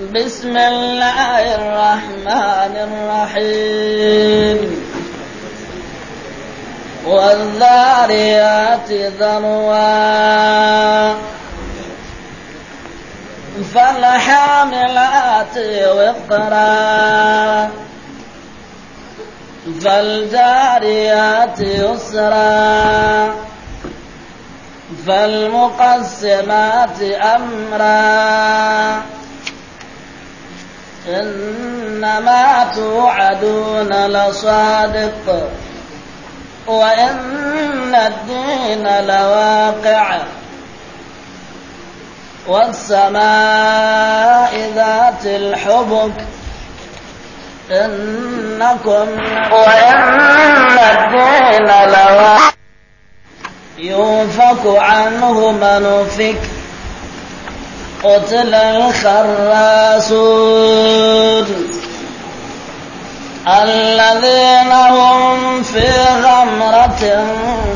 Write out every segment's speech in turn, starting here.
بسم الله الرحمن الرحيم والذاريات ذروا فالحاملات وقرا فالجاريات يسرا فالمقسمات أمرا إنما توعدون لصادق وإن الدين لواقع والسماء ذات الحبك إنكم وإن الدين لواقع يوفك عنه من فكر قتل الخراسون الذين هم في غمرة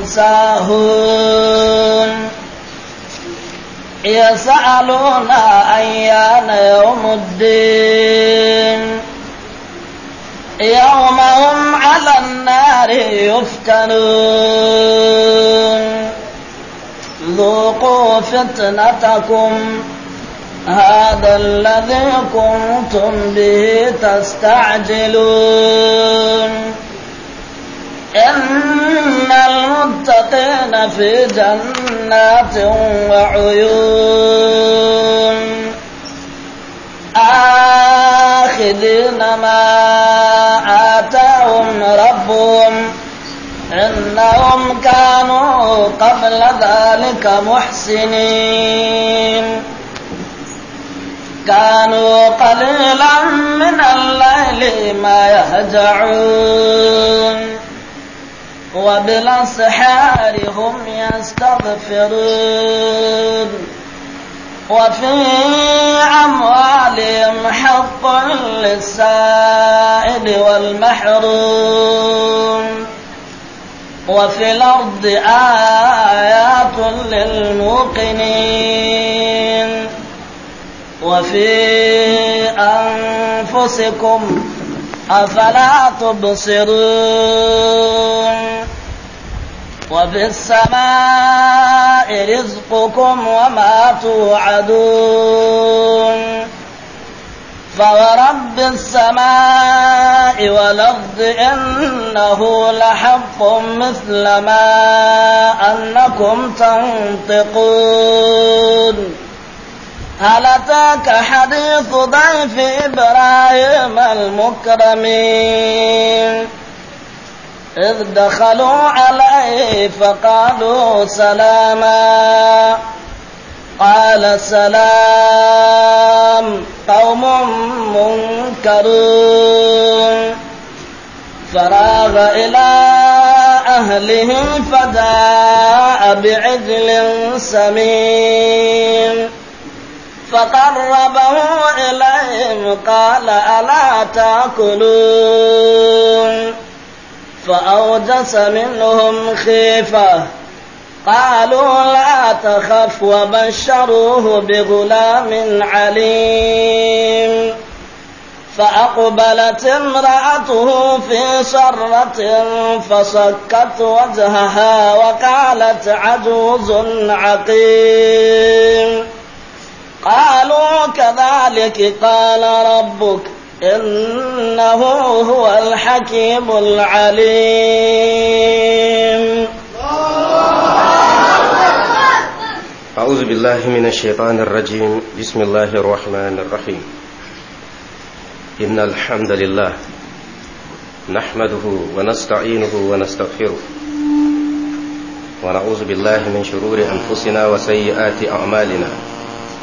ساهون يسألون أيان يوم الدين يوم هم على النار يفتنون ذوقوا فتنتكم هذا الذي كنتم به تستعجلون إن المتقين في جنات وعيون آخذين ما آتاهم ربهم إنهم كانوا قبل ذلك محسنين كانوا قليلا من الليل ما يهجعون وبالأسحار هم يستغفرون وفي أموالهم حق للسائل والمحروم وفي الأرض آيات للموقنين وفي أنفسكم أفلا تبصرون وفي السماء رزقكم وما توعدون فورب السماء والأرض إنه لحق مثل ما أنكم تنطقون هل أتاك حديث ضيف إبراهيم المكرمين إذ دخلوا عليه فقالوا سلاما قال سلام قوم منكرون فراغ إلى أهله فداء بعجل سمين فقربه إليهم قال ألا تأكلون فأوجس منهم خيفة قالوا لا تخف وبشروه بغلام عليم فأقبلت امرأته في سرة فصكت وجهها وقالت عجوز عقيم قالوا كذلك قال ربك إنه هو الحكيم العليم أعوذ بالله من الشيطان الرجيم بسم الله الرحمن الرحيم إن الحمد لله نحمده ونستعينه ونستغفره ونعوذ بالله من شرور أنفسنا وسيئات أعمالنا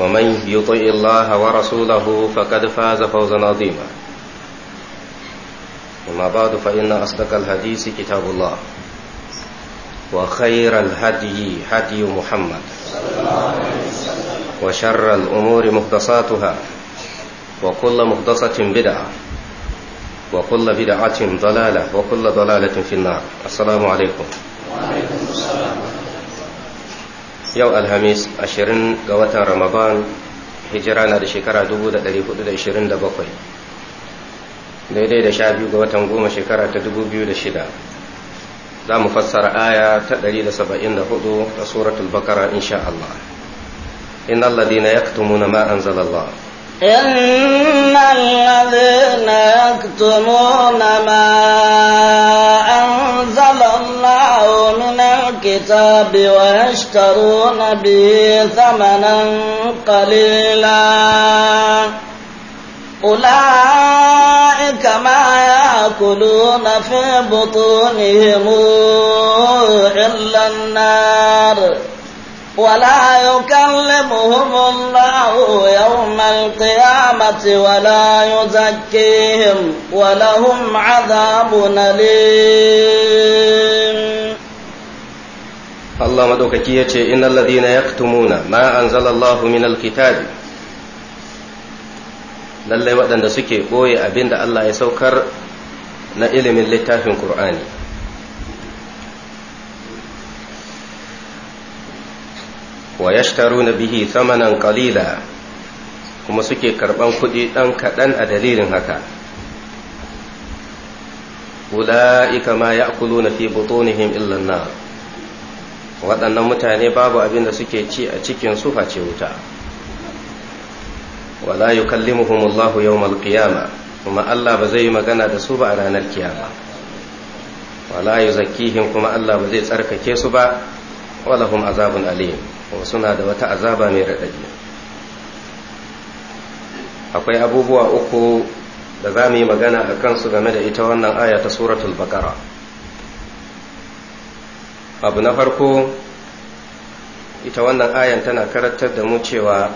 ومن يطع الله ورسوله فقد فاز فوزا عظيما أما بعد فإن أصدق الحديث كتاب الله وخير الهدي هدي محمد وشر الأمور مختصاتها وكل مختصة بدعة وكل بدعة ضلالة وكل ضلالة في النار السلام عليكم yau alhamis 20 ga watan ramadan hijira na da shekara 427 daidai da sha biyu ga watan goma shekara ta 2006 za mu fassara aya ta 174 ta suratul bakara insha Allah إن الذين يكتمون ما أنزل الله إن الذين يكتمون ما الكتاب ويشترون به ثمنا قليلا أولئك ما يأكلون في بطونهم إلا النار ولا يكلمهم الله يوم القيامة ولا يزكيهم ولهم عذاب أليم Allah madaukaki ya ce innal ladina yaktumuna ma anzalallahu minal kitabi lallai waɗanda suke ɓoye abin da Allah ya saukar na ilimin littafin Kur'ani wa na bihi thamanan kalila kuma suke karɓan kuɗi ɗan kaɗan a dalilin haka ula'ika ma ya'kuluna fi butunihim illa an waɗannan mutane babu abin da suke ci a cikin su face wuta wala kalli Allahu yau qiyama kuma Allah ba zai yi magana da su ba a ranar kiyama wala yuzakkihim kuma Allah ba zai tsarkake su ba wala hum azabun alim kuma suna da wata azaba mai raɗaɗi akwai abubuwa uku da za mu yi magana a kansu game da ita wannan aya ta suratul baqara abu na farko ita wannan ayan tana karantar da mu cewa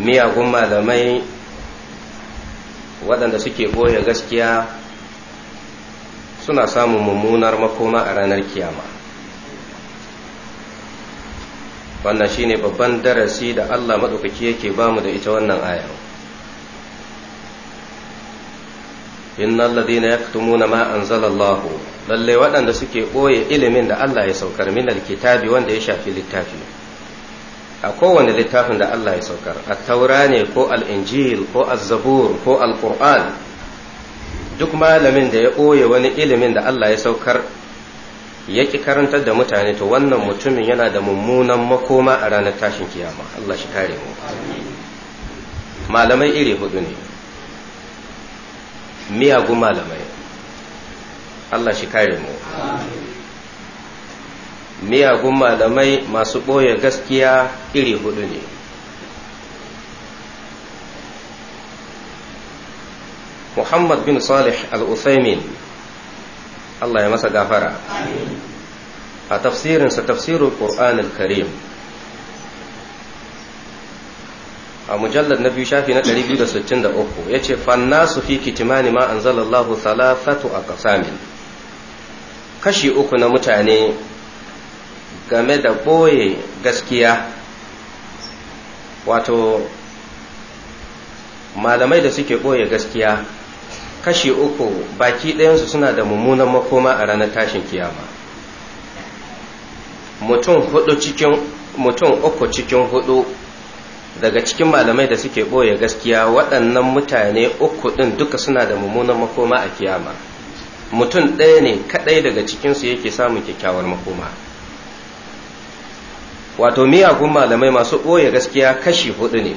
miyagun malamai waɗanda suke goya gaskiya suna samun mummunar makoma a ranar kiyama wannan shine babban darasi da allah maɗaukaki yake ba mu da ita wannan ayan إن الذين يكتمون ما أنزل الله lalle waɗanda suke ɓoye ilimin da Allah ya saukar min kitabi wanda ya shafi littafi a kowane littafin da Allah ya saukar a taura ne ko al'injil ko azzabur ko al'ur'an duk malamin da ya ɓoye wani ilimin da Allah ya saukar ya ƙi karantar da mutane to wannan mutumin yana da mummunan makoma a ranar tashin kiyama Allah shi kare mu malamai iri hudu ne miyagun malamai Allah shi kare mu miyagun malamai masu ɓoye gaskiya iri hudu ne muhammad bin salih al-usaimin Allah ya masa gafara a tafsirinsa tafsirin ƙur'an al-karim a mujallar na biyu shafi na 263 ya ce fanna su fi kitimani ma zalallahu salafatu a ƙasamin kashi uku na mutane game da ɓoye gaskiya wato malamai da suke ɓoye gaskiya kashi uku baki ɗayansu suna da mummunan makoma a ranar tashin kiyama mutum hudu cikin mutum uku cikin hudu daga cikin malamai da suke ɓoye gaskiya waɗannan mutane uku ɗin duka suna da mummunan makoma a kiyama mutum ɗaya ne kaɗai daga cikinsu yake samun kyakkyawar makoma wato miyagun malamai masu ɓoye gaskiya kashi hudu ne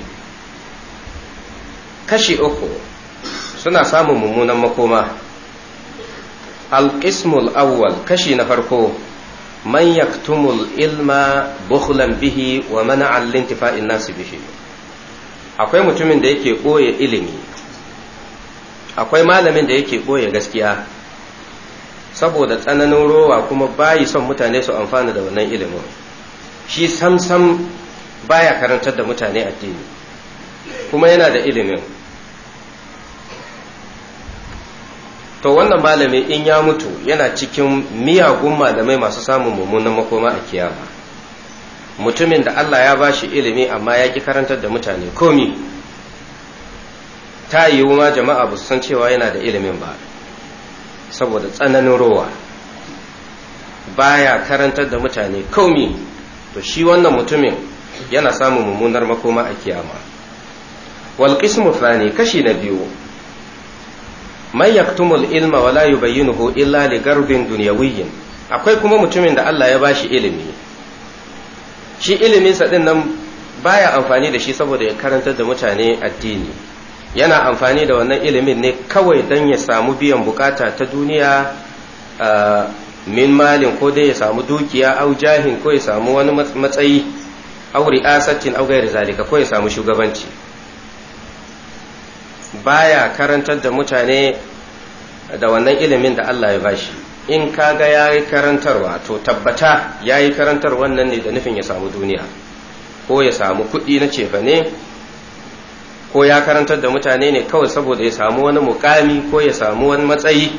kashi uku suna samun mummunan makoma alƙismul awwal kashi na farko man yaktumul ilma bukhlan bihi wa mana allin lintifa'in nasu bihi akwai mutumin da yake ɓoye ilimi akwai malamin da yake ɓoye gaskiya saboda tsananin rowa kuma bayi son mutane su amfana da wannan ilimin shi samsam baya karantar da mutane addini kuma yana da ilimin to wannan malami in ya mutu yana cikin miyagun malamai masu samun mummunan makoma a kiyama mutumin da Allah ya bashi ilimi amma ya ki karantar da mutane komi ta yiwu ma jama'a ba san cewa yana da ilimin ba saboda tsananin rowa baya karantar da mutane kaumi to shi wannan mutumin yana samun mummunar makoma a kiyama wal qismu thani kashi na biyu man al ilma wala yubayyinuhu illa li garbin dunyawiyyin akwai kuma mutumin da Allah ya bashi ilimi shi iliminsa din nan baya amfani da shi saboda ya karantar da mutane addini yana amfani da wannan ilimin ne kawai don ya samu biyan bukata ta duniya min malin ko dai ya samu dukiya au jahin ko ya samu wani matsayi au ri'asatin au gairi zalika ko ya samu shugabanci baya karantar da mutane da wannan ilimin da Allah ya bashi in kaga ya yi karantarwa to tabbata ya yi karantar wannan ne da nufin ya samu duniya ko ya samu kuɗi na cefane ko ya karantar da mutane ne kawai saboda ya samu wani mukami ko ya samu wani matsayi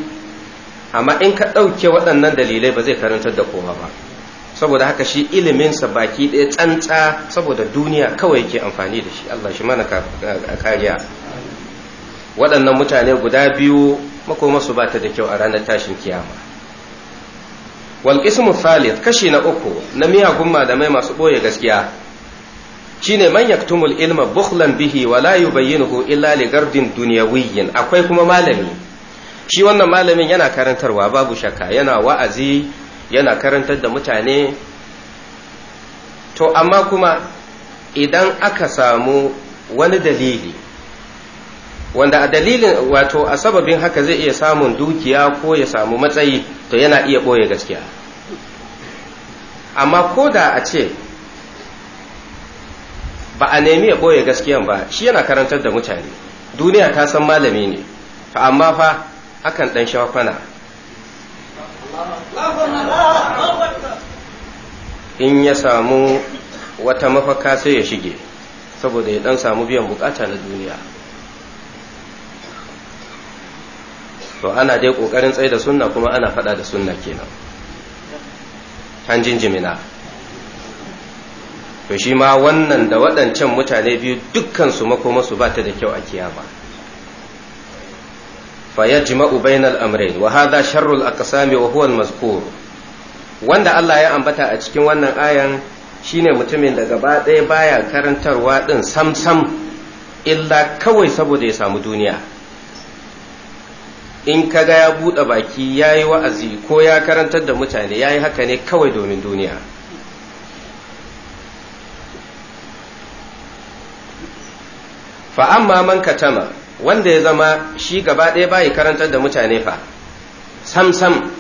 amma in ka ɗauke waɗannan dalilai ba zai karantar da kowa ba saboda haka shi iliminsa baki ɗaya tsantsa saboda duniya kawai ke amfani da shi Allah shi mana kariya waɗannan mutane guda biyu makomasu ba ta da kyau a ranar tashin kiyama wal qismu kashi na uku na miyagun malamai masu ɓoye gaskiya shine man yaktumul ilma bukhlan bihi wa la yubayyinuhu illa li gardin dunyawiyyin akwai kuma malami shi wannan malamin yana karantarwa babu shakka yana wa'azi yana karantar da mutane to amma kuma idan aka samu wani dalili wanda a dalilin wato a sababin haka zai iya samun dukiya ko ya samu matsayi to yana iya ɓoye gaskiya amma ko da a ce ba a nemi ya ɓoye gaskiya ba shi yana karantar da mutane duniya ta san malami ne fa amma fa akan ɗan shafana in ya samu wata mafaka sai ya shige saboda ya ɗan samu biyan bukata na duniya to ana dai ƙoƙarin tsaye da sunna kuma ana faɗa da sunna kenan hanjin jinjimina to shi ma wannan da waɗancan mutane biyu dukkansu makomasu ba ta da kyau a kiyama fa yajma'u bainal amrayn wa hadha sharrul aqsami wa huwa al-mazkur wanda Allah ya ambata a cikin wannan ayan shine mutumin da gaba ɗaya baya karantarwa ɗin sam-sam illa kawai saboda ya samu duniya in ka ga ya buɗe baki ya yi wa'azi ko ya karantar da mutane ya yi haka ne kawai domin duniya fa amma man katama wanda ya zama shi gaba ɗaya bayi karantar da mutane fa sam sam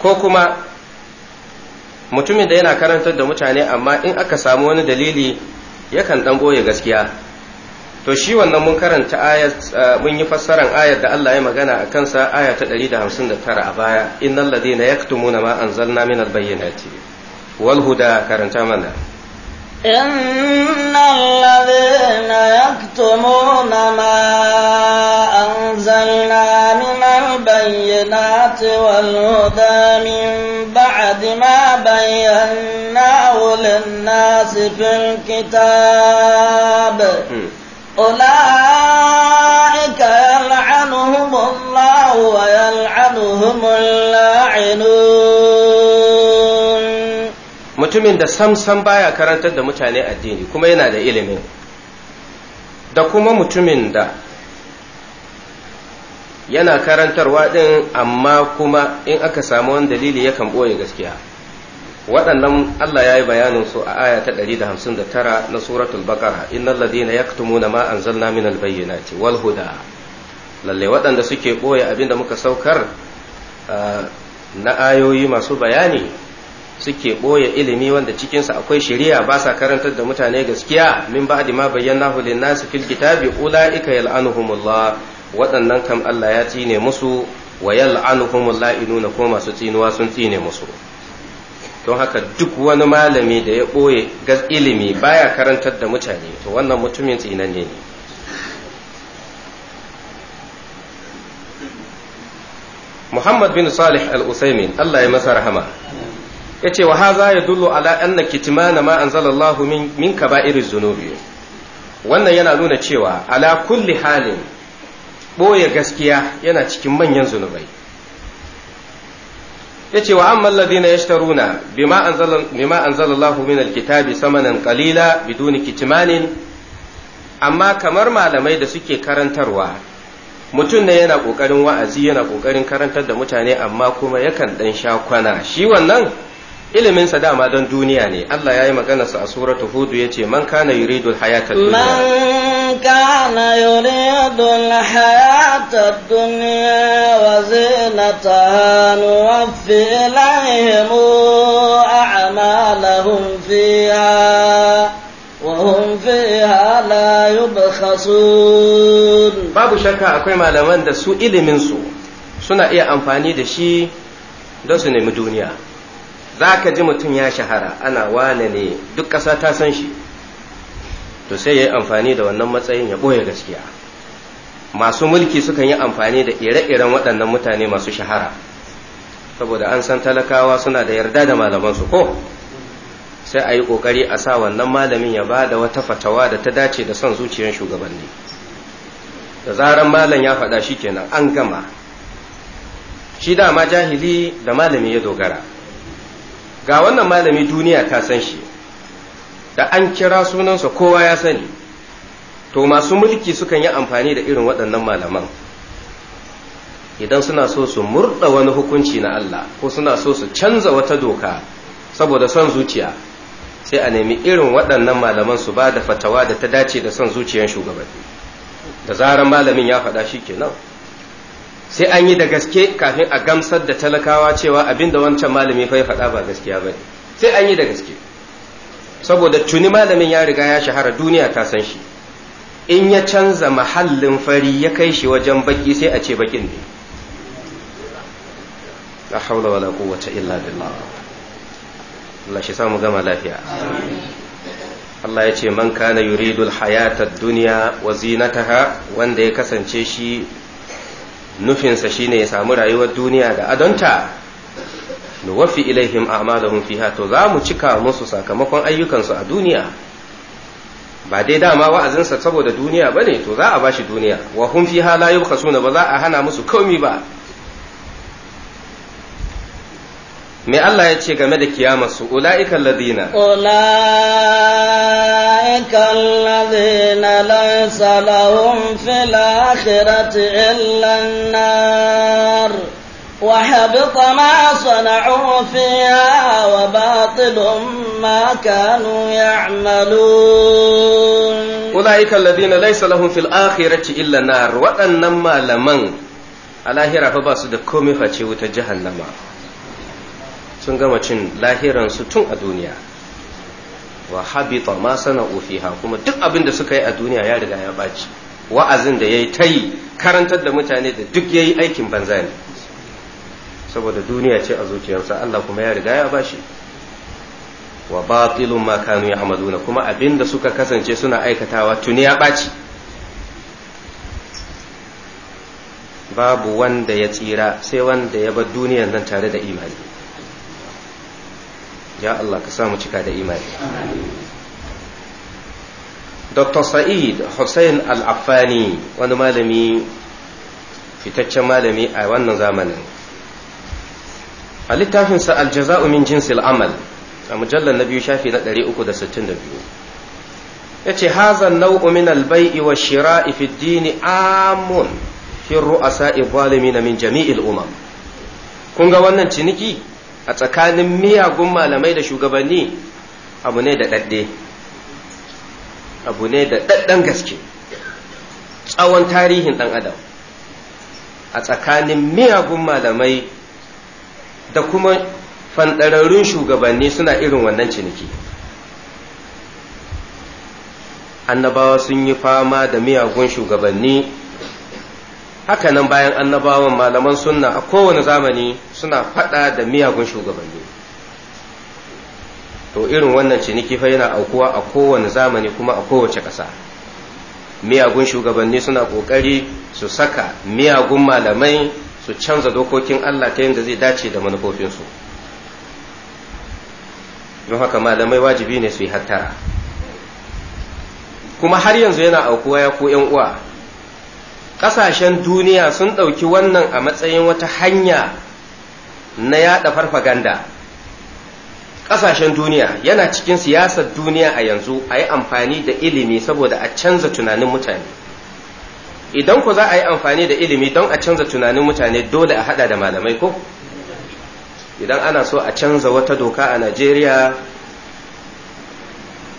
ko kuma mutumin da yana karantar da mutane amma in aka samu wani dalili yakan ɗan ɓoye gaskiya to shi wannan mun karanta eh, mun yi fassaran ayar da Allah ya magana a kansa aya ta 159 a baya innal ladina yaktumuna ma anzalna minal bayyinati wal huda karanta mana إِنَّ الَّذِينَ يَكْتُمُونَ مَا أَنزَلْنَا مِنَ الْبَيِّنَاتِ وَالْهُدَىٰ مِن بَعْدِ مَا بَيَّنَّاهُ لِلنَّاسِ فِي الْكِتَابِ أُولَٰئِكَ يَلْعَنُهُمُ اللَّهُ وَيَلْعَنُهُمُ اللَّاعِنُونَ mutumin da samsam baya karantar da mutane addini kuma yana da ilimi, da kuma mutumin da yana karantarwa din amma kuma in aka samu wani dalili yakan ɓoye gaskiya waɗannan Allah ya yi bayanin su a aya ta 159 na suratul baqara innal ladina yaktumuna ma anzalna minal bayyinati wal huda lalle waɗanda suke ɓoye abinda muka saukar ah, na ayoyi masu bayani suke ɓoye ilimi wanda cikinsa akwai shari'a ba sa karantar da mutane gaskiya min ba'di ma hu lin-nasi fil kitabi ulaika yal'anuhumullah waɗannan kam Allah ya tsine musu wa yal'anuhumul inuna ko masu tsinuwa sun tsine musu don haka duk wani malami da ya ɓoye ilimi baya karantar da mutane to wannan mutumin tsinanne ne Muhammad bin Salih al-Usaimin Allah ya masa rahama yace wa haza ya yadullu ala anna kitmana ma anzalallahu min min kaba'iriz zunubi wannan yana nuna cewa ala kulli halin boye gaskiya yana cikin manyan zunubai yace wa amma alladhina yashtaruna bima anzala bima anzalallahu min alkitabi samanan qalila biduni kitmanin amma kamar malamai da suke karantarwa mutum ne yana ƙoƙarin wa'azi yana ƙoƙarin karantar da mutane amma kuma yakan ɗan sha kwana shi wannan ilimin sa dama don duniya ne Allah ya yi magana sa a suratu hudu ce man kana yuridu alhayata dunya man kana yuridu alhayata dunya wa zinataha nuwaffi ilayhim a'malahum fiha hum fiha la yubkhasun babu shakka akwai malaman da su ilimin su suna iya amfani da shi don su nemi duniya za ka ji mutum ya shahara ana wane ne duk ƙasa ta san shi to sai ya yi amfani da wannan matsayin ya ɓoye gaskiya masu mulki sukan yi amfani da ire-iren waɗannan mutane masu shahara saboda an san talakawa suna da yarda da malamansu ko sai a yi ƙoƙari a sa wannan malamin ya ba da wata fatawa da ta dace da son zuciyar shugabanni da zaran malam ya faɗa shi kenan an gama shi dama jahili da malami ya dogara ga wannan malami duniya ta san shi da an kira sunansa kowa ya sani to masu mulki sukan yi amfani da irin waɗannan malaman idan suna so su murɗa wani hukunci na Allah ko suna so su canza wata doka saboda son zuciya sai a nemi irin waɗannan malaman su ba da fatawa da ta dace da son zuciyar shugabanni da zarar malamin ya faɗa shi kenan sai an yi da gaske kafin a gamsar da talakawa cewa abin da wancan malami fa ya faɗa ba gaskiya ba sai an yi da gaske saboda tuni malamin ya riga ya shahara duniya ta san shi in ya canza mahallin fari ya kai shi wajen baki sai a ce bakin ne la haula wala quwwata illa billah Allah shi samu gama lafiya Allah ya ce man kana yuridul hayatar duniya wa zinataha wanda ya kasance shi nufinsa shi ne ya samu rayuwar duniya da adonta wafi ilaihim a'malahum fiha to za mu cika musu sakamakon ayyukansu a duniya ba dai dama wa'azinsa saboda duniya ba ne to za a ba shi duniya wa hun fiha la yubkhasuna ba za a hana musu komi ba me Allah ya ce game da kiyama su ula'ika ladina ula'ika ladina laysa lahum akhirati nar wa habita ma sana'u wa batilun ma kanu ya'malun ula'ika ladina laysa lahum fil akhirati nar waɗannan malaman a lahira fa ba su da komai face wuta jahannama sun gama cin lahiransu tun a duniya wa habita ma sana'u fiha kuma duk abin da suka yi a duniya ya riga ya baci wa'azin da yayi tayi karantar da mutane da duk yayi aikin banza ne saboda duniya ce a zuciyarsa Allah kuma ya riga ya bashi wa batilun ma kanu ya'maluna kuma abin da suka kasance suna aikatawa tuni ya baci babu wanda ya tsira sai wanda ya bar duniyar nan tare da imani ya Allah ka samu cika da imani dr sa'id hussein al-affani wani malami fitaccen malami a wannan zamanin a littafinsa aljaza'u min jinsil amal a mujallar na biyu shafi na 362 ya ce haza nau'u min albai'i wa shira'i fi dini amun fi ru'asa'i zalimi na min jami'il umam kun ga wannan ciniki a tsakanin miyagun malamai da shugabanni abu ne da ɗaɗɗe abu ne da ɗaɗɗen gaske tsawon tarihin ɗan adam a tsakanin miyagun malamai da kuma fanɗararrun shugabanni suna irin wannan ciniki annabawa sun yi fama da miyagun shugabanni haka nan bayan annabawan malaman sunna a kowane zamani suna faɗa da miyagun shugabanni to irin wannan ciniki fa yana aukuwa a kowane zamani kuma a kowace ƙasa miyagun shugabanni suna ƙoƙari su saka miyagun malamai su canza dokokin Allah ta yadda zai dace da manufofinsu don haka malamai wajibi ne su yi hattara kuma har yanzu yana aukuwa ya 'yan uwa ƙasashen duniya sun ɗauki wannan a matsayin wata hanya na yaɗa farfaganda ƙasashen duniya yana cikin siyasar duniya a yanzu a yi amfani da ilimi saboda a canza tunanin mutane idan ku za a yi amfani da ilimi don a canza tunanin mutane dole a hada da malamai ko idan ana so a canza wata doka a najeriya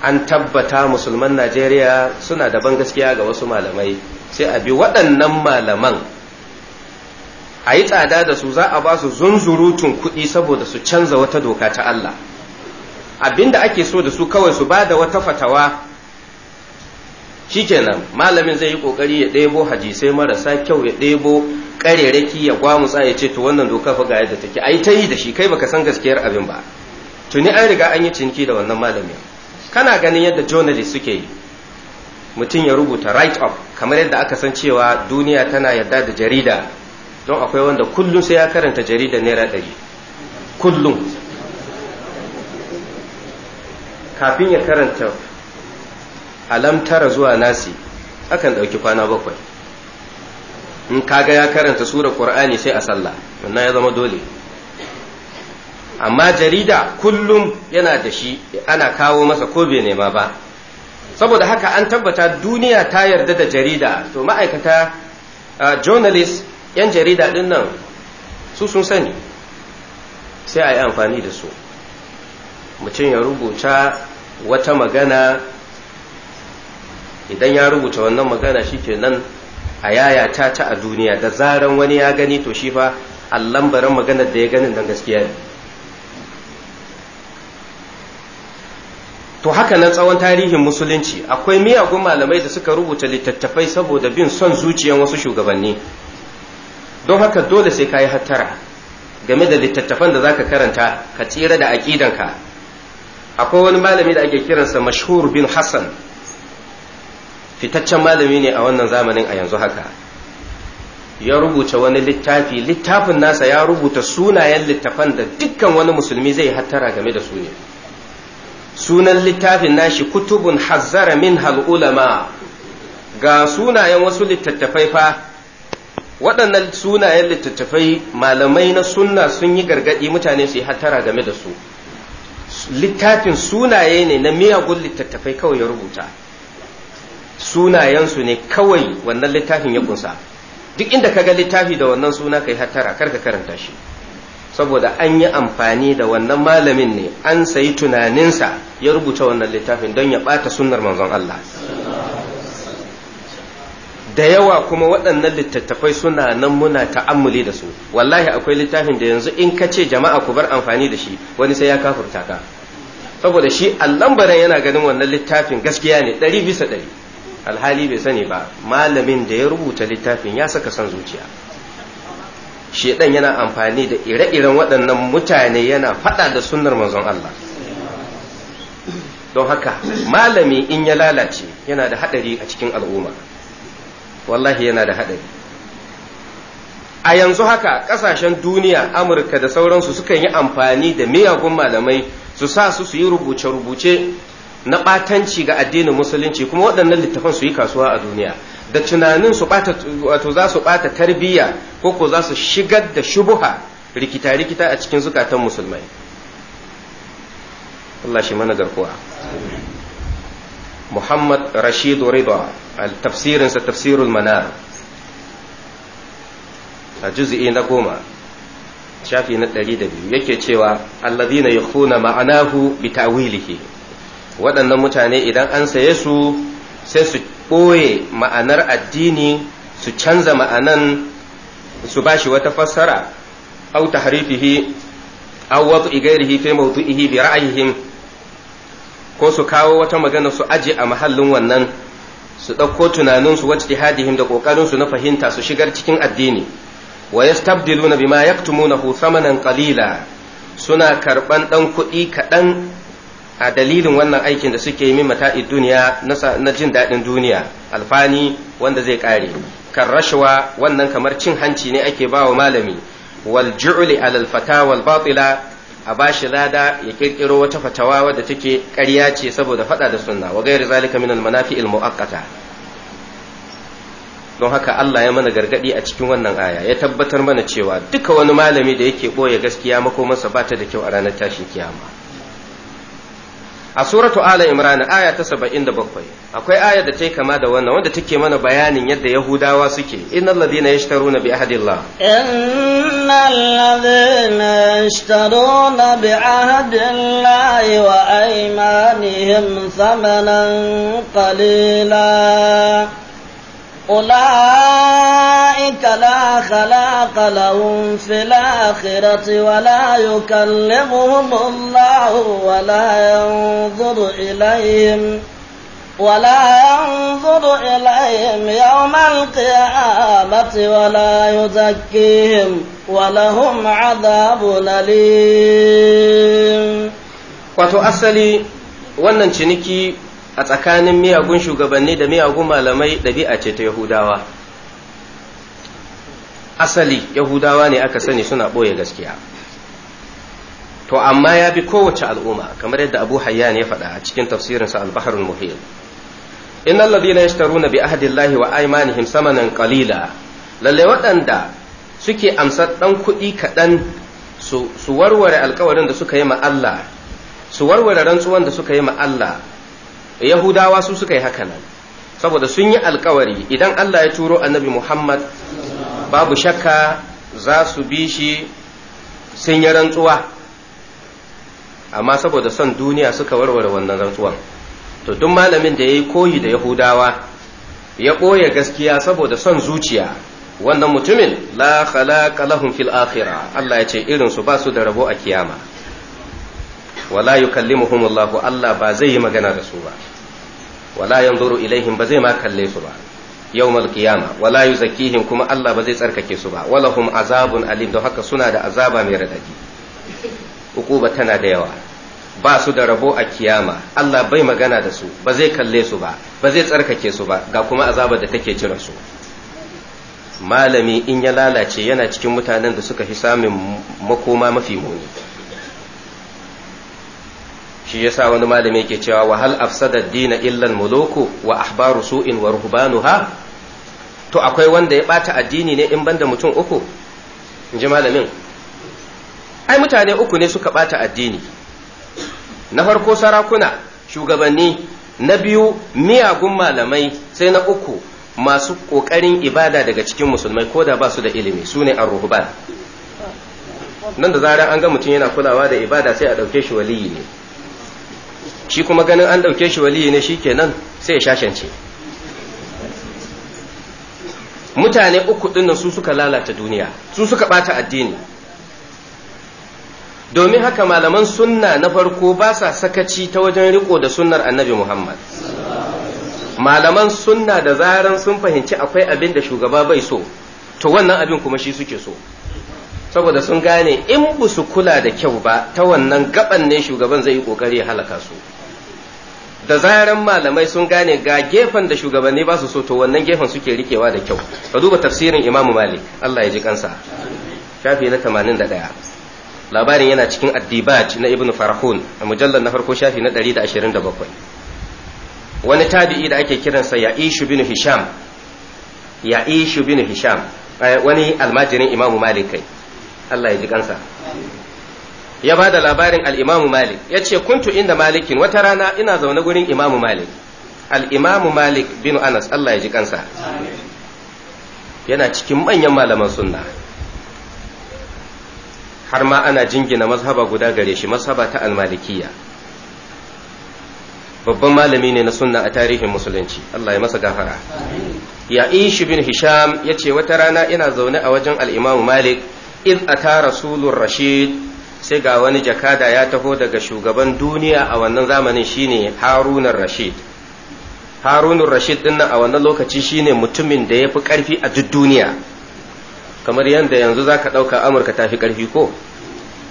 an tabbata musulman najeriya suna da ban gaskiya ga wasu malamai sai a bi waɗannan malaman a yi tsada da su za a ba su zunzurutun kuɗi saboda su canza wata doka ta Allah abinda ake so da su kawai su ba da wata fatawa shikenan malamin zai yi kokari ya ɗebo hadisai marasa kyau ya ɗebo ƙarerraki ya gwamutsa ya ce to wannan doka fa ga yadda take ai ta yi da shi kai baka san gaskiyar abin ba tuni an riga an yi ciniki da wannan malamin kana ganin yadda journalist suke yi mutum ya rubuta write up kamar yadda aka san cewa duniya tana yadda da jarida don akwai wanda kullum sai ya karanta jarida naira ɗari kullum kafin ya karanta alam tara zuwa nasi akan ɗauki kwana bakwai in kaga ya karanta sura qur'ani sai a sallah wannan ya zama dole amma jarida kullum yana da shi ana kawo masa ko bai nema ba saboda haka an tabbata duniya ta yarda da jarida to ma'aikata journalist yan jarida din nan su sun sani sai a yi amfani da su mutum ya rubuta wata magana idan ya rubuta wannan magana shi ke nan a yayata ta a duniya da zaran wani ya gani to shi fa allambarin maganar da ya ganin don gaskiya ne to haka nan tsawon tarihin musulunci akwai miyagun malamai da suka rubuta littattafai saboda bin son zuciyan wasu shugabanni don haka dole sai ka yi hattara game da littattafan da zaka karanta ka tsira da aƙidanka akwai wani malami da ake kiransa mashhur bin hassan fitaccen malami ne a wannan zamanin a yanzu haka ya rubuta wani littafi littafin nasa ya rubuta sunayen littafan da dukkan wani musulmi zai hattara game da su ne sunan littafin nashi kutubun hazzara min ulama ga sunayen wasu littattafai fa waɗannan sunayen littattafai malamai na sunna sun yi gargaɗi mutane su yi hattara game da su littafin sunaye ne na miyagun littattafai kawai ya rubuta sunayensu ne kawai wannan littafin ya kunsa duk inda ka ga littafi da wannan suna ka yi hattara kar ka karanta shi saboda an yi amfani da wannan malamin ne an sayi tunaninsa ya rubuta wannan littafin don ya ɓata sunnar manzon Allah da yawa kuma waɗannan littattafai suna nan muna ta'ammuli da su wallahi akwai littafin da yanzu in ka ce jama'a ku bar amfani da shi wani sai ya kafurta ka saboda shi allambaran yana ganin wannan littafin gaskiya ne ɗari bisa ɗari alhali bai sani ba malamin da ya rubuta littafin ya saka son zuciya shedan yana amfani da ire-iren waɗannan mutane yana faɗa da sunnar manzon Allah don haka malami in ya lalace yana da haɗari a cikin al'umma wallahi yana da haɗari a yanzu haka ƙasashen duniya amurka da sauransu sukan yi amfani da miyagun malamai su sa su su yi rubuce-rubuce na ɓatanci ga addinin musulunci kuma waɗannan littafan su yi kasuwa a duniya da tunanin su bata wato za su bata tarbiyya ko ko za su shigar da shubuha rikita rikita a cikin zukatan musulmai Allah shi mana garkuwa Muhammad Rashid Rida al tafsirin sa tafsirul manar a juz'i na goma shafi na ɗari da biyu yake cewa alladhina yakhuna ma'anahu bi ta'wilihi waɗannan mutane idan an saye su sai su ɓoye ma'anar addini su canza ma'anan su ba shi wata fassara au harifihi au wad'i ghairihi fi ihi bi ra'ayihim ko su kawo wata magana su aje a mahallin wannan su ɗauko tunaninsu wacce hadihim da ƙoƙarinsu na fahimta su shigar cikin addini wa yastabdiluna bima yaktumunahu thamanan qalila suna karban ɗan kuɗi kaɗan a dalilin wannan aikin da suke min mata'id duniya na jin daɗin duniya alfani wanda zai ƙare kan rashawa wannan kamar cin hanci ne ake ba wa malami wal ju'li alal fata wal batila a bashi lada ya kirkiro wata fatawa wadda take ƙarya ce saboda faɗa da sunna wa gairi zalika min al al mu'aqqata don haka Allah ya mana gargadi a cikin wannan aya ya tabbatar mana cewa duka wani malami da yake ɓoye gaskiya makomansa ba ta da kyau a ranar tashin kiyama a suratu ala imran aya ta 77 akwai aya da take kama da wannan wanda take mana bayanin yadda yahudawa suke innal ladina yashtaruna bi ahdillah innal ladina yashtaruna bi ahdillahi wa aymanihim thamanan qalila أولئك لا خلاق لهم في الآخرة ولا يكلمهم الله ولا ينظر إليهم ولا ينظر إليهم يوم القيامة ولا يزكيهم ولهم عذاب أليم wato asali wannan ciniki a tsakanin miyagun shugabanni da miyagun malamai ɗabi'a ce ta yahudawa asali yahudawa ne aka sani suna ɓoye gaskiya to amma ya bi kowace al'umma kamar yadda abu hayyan ya faɗa a cikin tafsirinsa al-baharul muhim inna ladina yashtaruna bi ahdillahi wa aymanihim samanan qalila lalle waɗanda suke amsar ɗan kuɗi kaɗan su warware alkawarin da suka yi ma Allah su warware rantsuwan da suka yi ma Allah yahudawa su suka yi haka nan saboda sun yi alkawari idan Allah ya turo annabi Muhammad babu shakka za su bi shi sun yi rantsuwa amma saboda son duniya suka warware wannan rantsuwan to duk malamin da ya yi koyi da yahudawa ya ɓoye gaskiya saboda son zuciya wannan mutumin la khalaqa lahum fil akhirah Allah ya ce irin su ba su da rabo a kiyama wala kalli Allah Allah ba zai yi magana da su ba wala yanzuru ilaihim ba zai ma kalle su ba yawmal qiyama wala yuzakkihim kuma Allah ba zai tsarkake su ba walahum azabun alim da haka suna da azaba mai radadi ukuba tana da yawa ba su da rabo a kiyama Allah bai magana da su ba zai kalle su ba ba zai tsarkake su ba ga kuma azabar da take jiran su malami in ya lalace yana cikin mutanen da suka fi samun makoma mafi muni shi yasa wani malami yake cewa wa hal afsada dina illan muluku wa ahbaru su'in wa ruhbanuha to akwai wanda ya bata addini ne in banda mutum uku in malamin ai mutane uku ne suka bata addini na farko sarakuna shugabanni na biyu miyagun malamai sai na uku masu ƙoƙarin ibada daga cikin musulmai ko da ba su da ilimi su ne ruhuban nan da zarar an ga mutum yana kulawa da ibada sai a ɗauke shi waliyi ne shi kuma ganin an ɗauke shi waliyi ne shi shikenan sai ya shashance mutane uku ɗin su suka lalata duniya su suka ɓata addini domin haka malaman sunna na farko ba sa sakaci ta wajen riko da sunnar annabi muhammad malaman sunna da zaran sun fahimci akwai abin da shugaba bai so to wannan abin kuma shi suke so saboda sun gane in ba su kula da kyau ba ta wannan gaban ne shugaban zai yi kokari ya halaka su da zaran malamai sun gane ga gefen da shugabanni ba su so to wannan gefen suke rikewa da kyau ka duba tafsirin imamu malik Allah ya ji kansa shafi na 81 labarin yana cikin addibaj na ibnu farahun a mujallar na farko shafi na 127 wani tabi'i da ake kiransa ya'ishu bin hisham ya'ishu bin hisham eh, wani almajirin imamu malik kai Allah ya ji kansa ya ba da labarin al'imamu malik ya ce kuntu inda malikin wata rana ina zaune gurin imamu malik al'imamu malik bin anas Allah ya ji kansa yana cikin manyan malaman sunna har ma ana jingina mazhaba guda gare shi mazhaba ta almalikiya babban malami ne na sunna a tarihin musulunci Allah ya masa gafara ya ishi bin hisham ya ce wata rana ina zaune a wajen al'imamu malik iz ata rasulun rashid sai ga wani jakada ya taho daga shugaban duniya a wannan zamanin shine harunar rashid harunar rashid din a wannan lokaci shine mutumin da ya fi ƙarfi a duk duniya kamar yadda yanzu za ka ɗauka amurka ta fi ƙarfi ko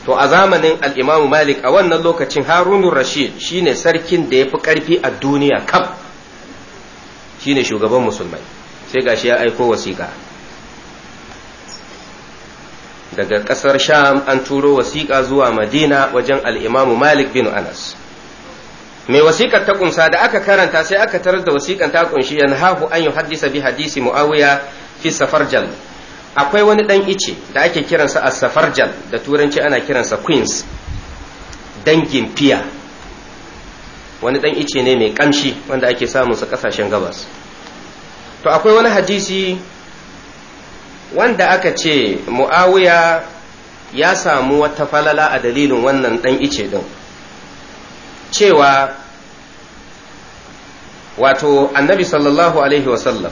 to a zamanin al'imamu malik a wannan lokacin harunar rashid shine sarkin da ya fi ƙarfi a duniya kam shine shugaban musulmai sai gashi ya aiko wasiƙa daga ƙasar sham an turo wasiƙa zuwa madina wajen al'imamu malik bin anas mai wasiƙar ta ƙunsa da aka karanta sai aka tarar da wasiƙar ta ƙunshi yan hahu an yi haddisa bi hadisi mu'awiya fi safarjal akwai wani ɗan ice da ake kiransa a safarjal da turanci ana kiransa queens dangin fiya wani ɗan ice ne mai ƙamshi wanda ake samunsa ƙasashen gabas to akwai wani hadisi wanda aka ce mu'awiya ya samu wata falala a dalilin wannan ɗan ice ɗin cewa wato annabi sallallahu alaihi wasallam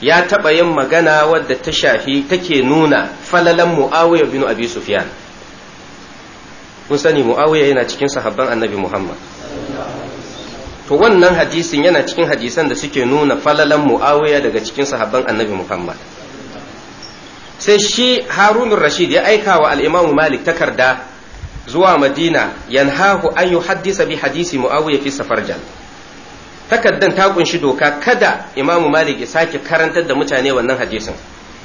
ya taɓa yin magana wadda ta shafi take nuna falalan mu'awiya bin abi sufyan kun sani mu'awiya yana cikin sahabban annabi muhammad to wannan hadisin yana cikin hadisan da suke nuna falalan mu'awiya daga cikin sahabban annabi muhammad sai shi harunun rashid ya aika wa al'imamu malik takarda zuwa madina yanhahu an yi haddisa bi hadisi mu'awiya fi safarjan takardan ta kunshi doka kada imamu malik ya sake karantar da mutane wannan hadisin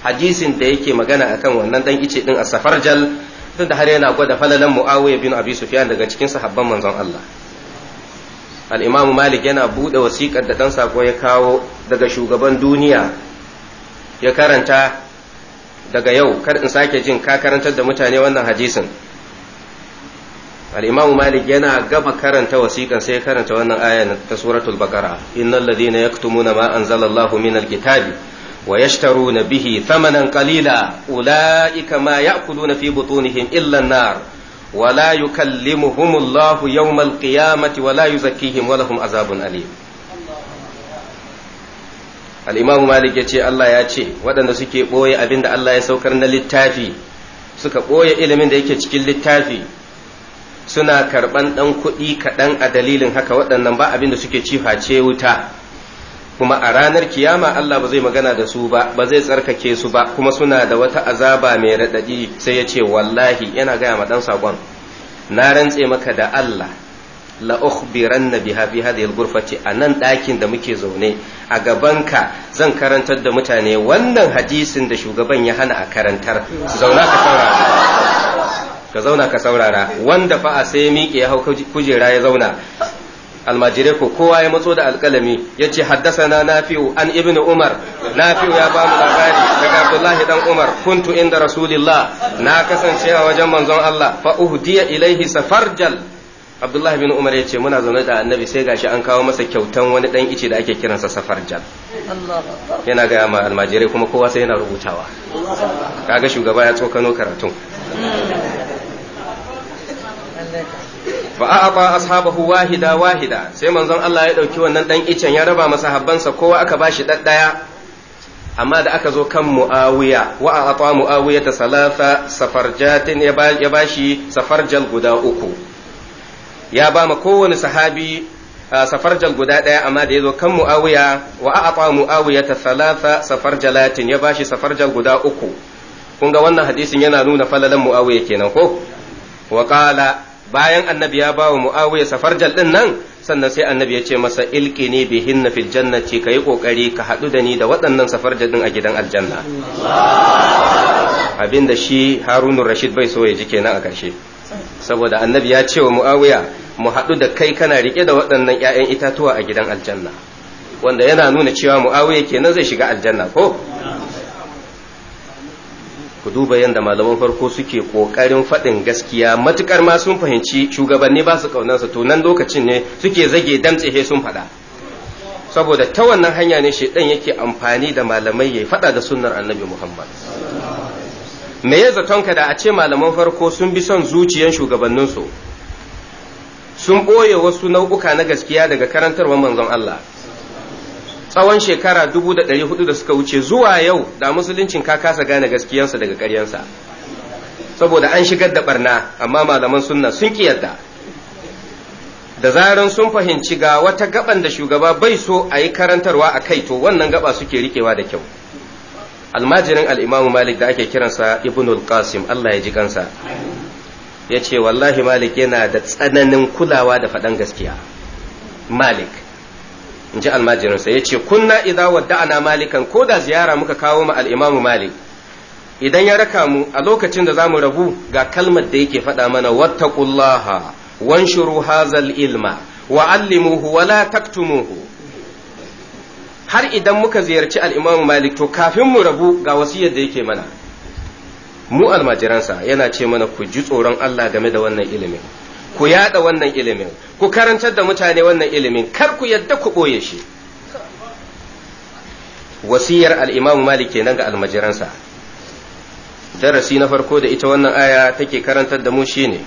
hadisin da yake magana akan wannan dan ice din a safarjal tunda har yana gwada falalan mu'awiya bin abi sufyan daga cikin sahabban manzon allah al'imamu malik yana buɗe wasiƙar da ɗan sako ya kawo daga shugaban duniya ya karanta daga yau kar in sake jin ka karantar da mutane wannan hadisin al'imamu malik yana gama karanta wasiƙan sai ya karanta wannan aya ta suratul bakara innal ladina yaktumuna ma anzalallahu minal kitabi wa yashtaruna bihi thamanan qalila ulaika ma ya'kuluna fi butunihim illa an-nar wala yu yukallimuhumullahu yawmal qiyamati wala yuzakkihim wa lahum azabun alim al'imamu malik ya ce Allah ya ce waɗanda suke ɓoye abinda Allah ya saukar na littafi suka ɓoye ilimin da yake cikin littafi suna karɓan ɗan kuɗi kaɗan a dalilin haka waɗannan ba abin da suke ci face wuta kuma a ranar kiyama Allah ba zai magana da su ba ba zai tsarkake su ba kuma suna da wata azaba mai raɗaɗi sai ya ce wallahi yana gaya ma ɗan saƙon na rantse maka da Allah la ukhbiranna biha fi hadhihi al-ghurfati anan ɗakin da muke zaune a gaban ka zan karantar da mutane wannan hadisin da shugaban ya hana a karantar zauna ka saurara ka zauna ka saurara wanda fa a sai miƙe ya hau kujera ya zauna almajirai ko kowa ya matso da alkalami ya ce haddasana nafi'u an ibnu umar nafi'u ya ba mu labari daga abdullahi dan umar kuntu inda rasulillah na kasance a wajen manzon Allah fa uhdiya ilaihi safarjal abdullahi bin umar ya ce muna zaune da annabi sai gashi an kawo masa kyautan wani dan ice da ake kiransa safarjal yana gaya ma almajirai kuma kowa sai yana rubutawa kaga shugaba ya tsokano karatun hmm. fa aba ashabahu wahida wahida sai manzon Allah ya ɗauki wannan dan icen ya raba masa habbansa kowa aka bashi daddaya amma da aka zo kan muawiya wa a ata muawiya ta salasa safarjatin ya bashi safarjal guda uku ya ba ma kowane sahabi ah, safarjal guda ɗaya amma da ya zo kan mu'awiya wa a aƙwa mu'awiya ta salasa safarjalatin ya bashi safarjal guda uku kun ga wannan hadisin yana nuna falalan mu'awiya kenan ko wa qala bayan annabi ya bawa muawiya safarjal din nan sannan sai annabi ya ce masa ilki ilqini na fil jannati kai kokari ka haɗu da ni da waɗannan safarjal din a gidan aljanna abinda shi harunur rashid bai so ya ji kenan a karshe saboda annabi ya ce wa muawiya mu haɗu da kai kana rike da waɗannan 'ya'yan itatuwa a gidan aljanna wanda yana nuna cewa muawiya kenan zai shiga aljanna ko ku duba yadda malaman farko suke kokarin faɗin gaskiya matukar ma sun fahimci shugabanni ba su ƙaunarsa, to nan lokacin ne suke zage he sun faɗa saboda ta wannan hanya ne shedan yake amfani da malamai ya faɗa da sunnar annabi muhammad me ya zaton da a ce malaman farko sun bi son zuciyan shugabanninsu sun ɓoye wasu nau'uka na gaskiya daga karantarwar manzon Allah tsawon shekara dubu da ɗari hudu da suka wuce zuwa yau da musuluncin ka kasa gane gaskiyansa daga karyansa. saboda an shigar da barna amma malaman sunna sun kiyarda da zaran sun fahimci ga wata gaban da shugaba bai so a yi karantarwa a kai to wannan gaba suke rikewa da kyau almajirin al'imamu malik da ake kiransa ibn qasim allah ya ji kansa ya ce wallahi malik yana da tsananin kulawa da faɗan gaskiya malik in ji almajirinsa ya ce kunna idza wadda'ana malikan ko da ziyara muka kawo ma al'imamu malik idan ya raka mu a lokacin da zamu rabu ga kalmar da yake faɗa mana wattaqullaha wanshuru hazal ilma wa allimuhu wa la taktumuhu har idan muka ziyarci al'imamu malik to kafin mu rabu ga wasiyar da yake mana mu almajiransa yana ce mana ku ji tsoron Allah game da wannan ilimin ku yada wannan ilimin ku karantar da mutane wannan ilimin kar ku yadda ku ɓoye shi wasiyar al'imamu malik kenan ga almajiransa darasi na farko da ita wannan aya take karantar da mu shine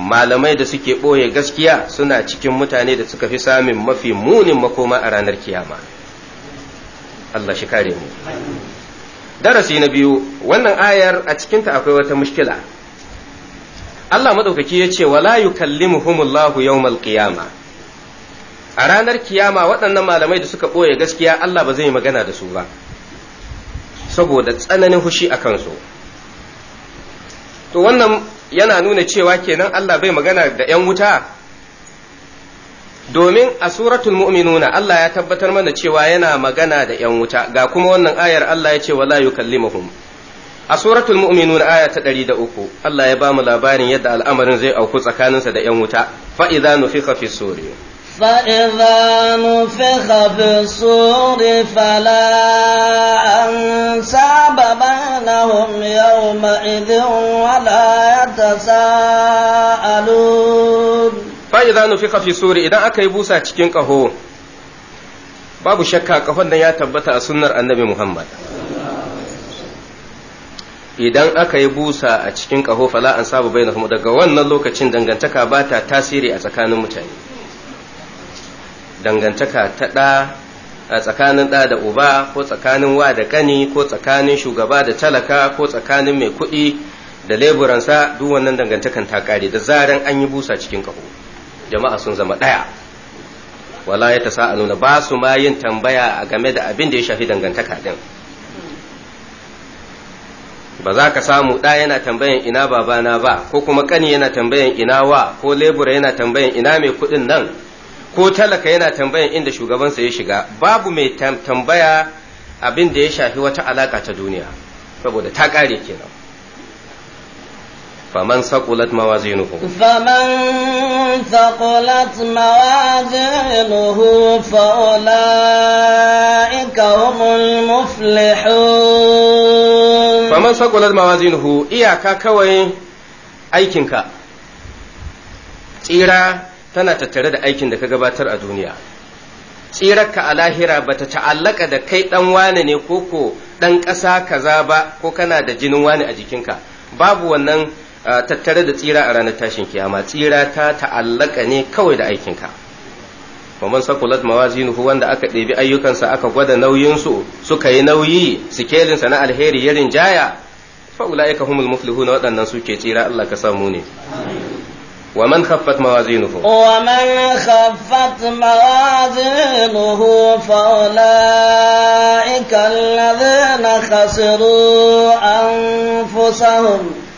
malamai da suke ɓoye gaskiya suna cikin mutane da suka fi samun mafi munin makoma a ranar kiyama Allah shi kare mu darasi na biyu wannan ayar a cikinta akwai wata mushkila Allah maɗaukaki ya ce wala yukallimuhumullahu yawmal qiyama a ranar kiyama waɗannan malamai da suka ɓoye gaskiya Allah ba zai yi magana da su ba saboda tsananin hushi a kansu to wannan yana nuna cewa kenan Allah bai magana da 'yan wuta domin a suratul mu'minuna Allah ya tabbatar mana cewa yana magana da 'yan wuta ga kuma wannan ayar Allah ya ce wala yukallimuhum a suratul mu'minun aya ta 103 Allah ya bamu labarin yadda al'amarin zai auku tsakaninsa da 'yan wuta fa idza nufikha fi suri fa idza nufikha fi suri fala ansaba bainahum yawma idhin wala yatasaalun fa idza nufikha fi suri idan aka yi busa cikin kaho babu shakka kahon nan ya tabbata a sunnar annabi Muhammad idan aka yi busa a cikin ƙaho fala an sabu bai kuma daga wannan lokacin dangantaka ba ta tasiri a tsakanin mutane dangantaka ta ɗa a tsakanin ɗa da uba ko tsakanin wa da kani ko tsakanin shugaba da talaka ko tsakanin mai kuɗi da leburansa duk wannan dangantakan ta ƙare da zaran an yi busa cikin kaho jama'a sun zama ɗaya wala ya ta sa'aluna ba su ma yin tambaya a game da abin da ya shafi dangantaka din. ba za ka samu ɗa yana tambayan ina babana ba ko kuma ƙani yana tambayan ina wa ko lebura yana tambayan ina mai kuɗin nan ko talaka yana tambayan inda shugabansa ya shiga babu mai tambaya abin da ya shafi wata alaka ta duniya saboda ta ƙare kenan فمن ثقلت موازينه فمن ثقلت موازينه فأولئك هم المفلحون فمن ثقلت موازينه إياك كوي أيكنك tsira tana tattare da aikin da ka gabatar a duniya tsirarka a lahira bata ta'allaka da kai ɗan wane ne ko ko ɗan ƙasa kaza ba ko kana da jinin wane a jikinka babu wannan tattare da tsira a ranar tashin kiyama tsira ta ta'allaka ne kawai da aikinka wa man sakulat mawazinuhu wanda aka ɗebi ayyukansa aka gwada nauyinsu suka yi nauyi sikelinsa na alheri ya rinjaya fa ulaika humul na waɗannan suke tsira Allah ka samu ne ومن خفت موازينه ومن خفت موازينه فأولئك الذين خسروا أنفسهم